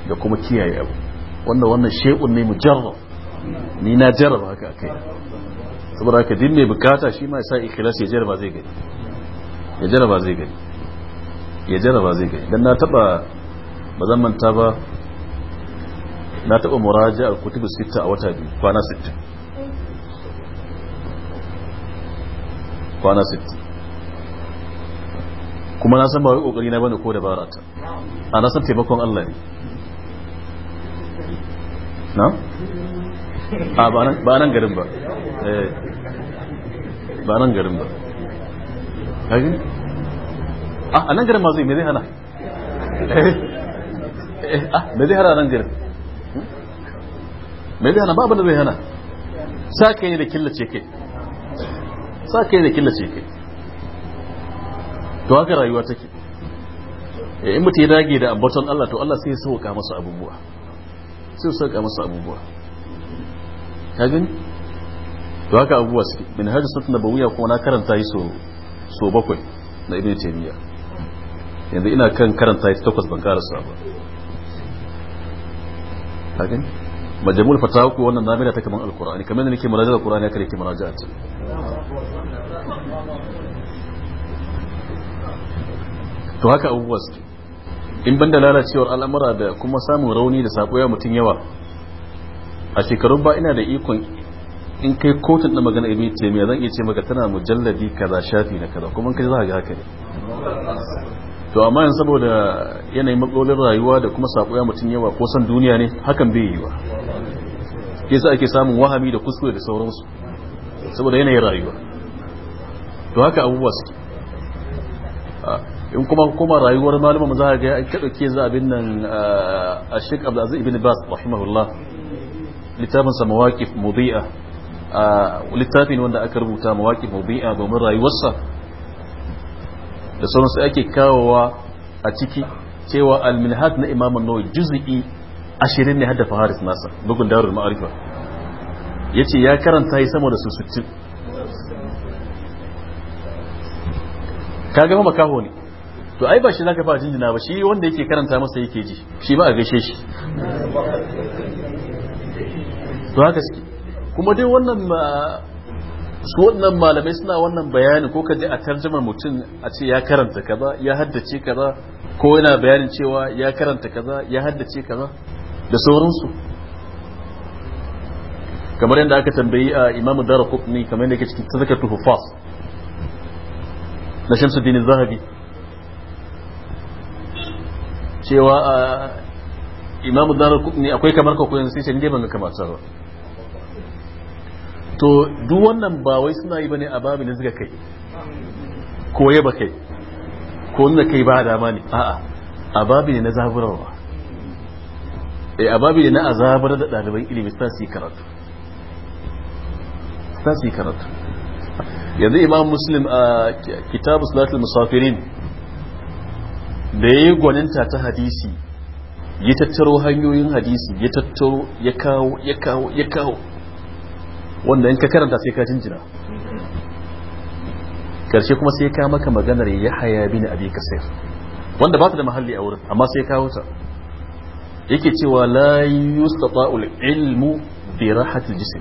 da kuma kiyaye abu wanda wannan shekun ne mujarrab ni na jarraba haka kai saboda haka din mai bukata shi ma sa ikhlas ya jarraba zai gani ya jarraba zai gani ya jarraba zai gani dan na taba ba zan manta ba na taba muraja al-kutubu sita a wata biyu kwana 60 kwana 60 kuma na san ba wai kokari na bane ko dabarata a na san taimakon Allah ne na? a ah, ba nan garin ba eh, ba nan garin ba ah, a nan garin masu mai eh, eh, ah, zai hana a mai zai hana nan garin mai hmm? zai hana ba abin da zai hana sa ka yi da killace kai sa ka yi da killace kai to haka rayuwa take in mutu ya dage da ambaton Allah to Allah sai ya sauka masa abubuwa sai su sauka masa abubuwa ka to haka abubuwa suke bin hajji sun tana bawuya kuma na karanta yi so bakwai na ibn taimiyya yanzu ina kan karanta yi takwas ban karasa ba ka majamul fatawa ko wannan namira ta kaman alkur'ani kamar da nake ya kare haka nake a ta to haka abubuwa suke in ban da lalacewar al'amura da kuma samun rauni da sako ya mutum yawa a shekarun ba ina da ikon in kai kotun na magana ce taymiya zan iya ce maka tana mujalladi kaza shafi na kaza kuma kai za ka haka ne to amma yanzu saboda yanayin matsalolin rayuwa da kuma sako ya mutum yawa ko san duniya ne hakan bai yi ba yasa ake samun wahami da kuskure da sauransu saboda yanayin rayuwa to haka abubuwa suke in kuma kuma rayuwar malama za ga an ya ɗauke za abin nan a Sheikh Abdul Aziz ibn bas rahimahullah littafin sa mawaqif mudhi'a littafin wanda aka rubuta mawaqif mudhi'a domin rayuwarsa da sauran sai ake kawowa a ciki cewa al-minhaj na imam an-nawawi juz'i 20 ne hadda faharis nasa bugun darul ma'arifa yace ya karanta yi sama da su 60 kaga makaho ne to ai ba shi zaka fara jinjina ba shi wanda yake karanta masa yake ji shi ba a gaishe shi to haka suke kuma dai wannan su wannan malamai suna wannan bayani ko kaje a tarjamar mutum a ce ya karanta kaza ya haddace kaza ko yana bayanin cewa ya karanta kaza ya haddace kaza da sauransu kamar yadda aka tambayi a ah, imamu dara kamar yadda yake cikin tazakatu hufas na shamsuddin zahabi cewa imamu Dara ne akwai kamar ka koyan sai sai dai ban kamata ba to duk wannan ba wai suna yi bane a babu ne zuga kai koye ba kai ko nuna kai ba dama ne a'a a babu ne na zaburarwa eh a babu ne na azabar da ɗaliban ilimi suna su yi karatu sa su yi karatu yanzu imam muslim a kitabu salatul musafirin da ya yi gwaninta ta hadisi ya tattaro hanyoyin hadisi ya tattaro ya kawo ya kawo ya kawo wanda in ka karanta sai ka jinjina karshe kuma sai ka maka maganar ya haya na abin kasar wanda ba ta da mahalli a wurin amma sai kawo ta yake cewa la yustata'ul ilmu bi rahatil jism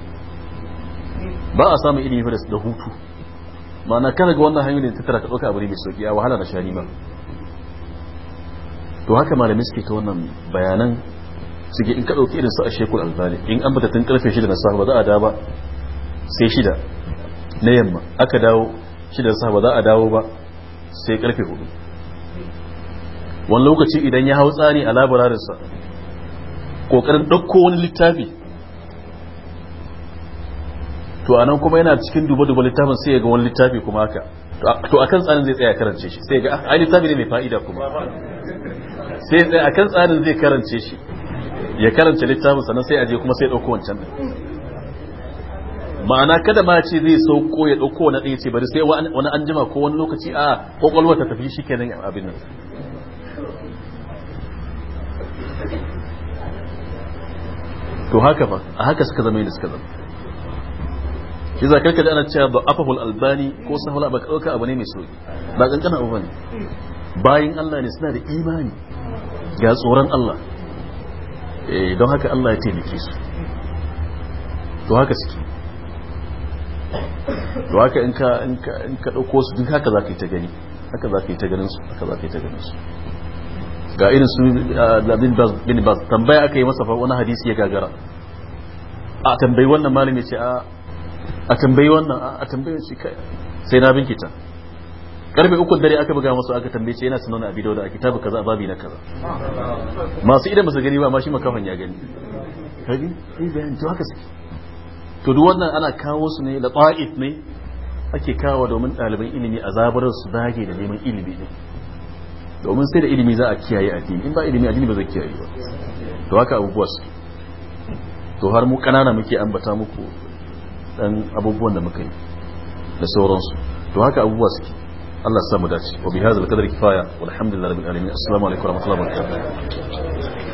ba a samu ilimi da hutu ma'ana kana ga wannan hanyoyin da ta tara ka dauka abu ne mai sauki a wahala da shani ba to haka malami suke ta wannan bayanan suke in ka ɗauki irin su a shekul albani in an bata tun karfe shida na sahaba za a dawo ba sai shida na yamma aka dawo shida na sahaba za a dawo ba sai karfe hudu wani lokaci idan ya hau tsani a labararinsa kokarin ɗauko wani littafi to a nan kuma yana cikin duba-duba littafin sai ya ga wani littafi kuma haka to a kan tsanin zai tsaya karance shi sai ga ah, ai littafi ne mai fa'ida kuma sai a kan tsarin zai karance shi ya karance littafin sannan sai aje kuma sai ɗauko wancan ma'ana kada ma ce zai sauko ya ɗauko wani ɗaya ce bari sai wani an jima ko wani lokaci a ƙwaƙwalwa ta tafi shi kenan abin nan to haka fa a haka suka zama yadda suka zama shi za karka da ana cewa ba afahul albani ko sahula ba ka ɗauka abu ne mai sauki ba ƙanƙana abu ba ne bayan allah ne suna da imani ga tsoron Allah eh, don haka Allah ya taimake su to haka suke to haka in ka in ka dauko su duk haka zaka yi ta gani haka zaka yi ta ganin su haka zaka yi ta ganin su ga irin su labin ah, bin baz tambaya aka yi masa fa wani hadisi ya gagara a tambayi wannan malami ce a tambayi wannan a tambayi shi kai sai na binkita karfe uku dare aka buga masu aka tambaye yana sunan abi da a kitabu kaza babi na kaza masu idan basu gani ba ma shi makafan ya gani kaji sai bayani to haka sai to duk wannan ana kawo su ne da ta'if ne ake kawo domin ɗaliban ilimi a zabarar su dage da neman ilimi ne domin sai da ilimi za a kiyaye addini in ba ilimi addini ba zai kiyaye ba to haka abubuwa su to har mu kanana muke ambata muku dan abubuwan da muka yi da sauransu to haka abubuwa suke الله السلام عليكم وبهذا بقدر كفاية والحمد لله رب العالمين السلام عليكم ورحمة الله وبركاته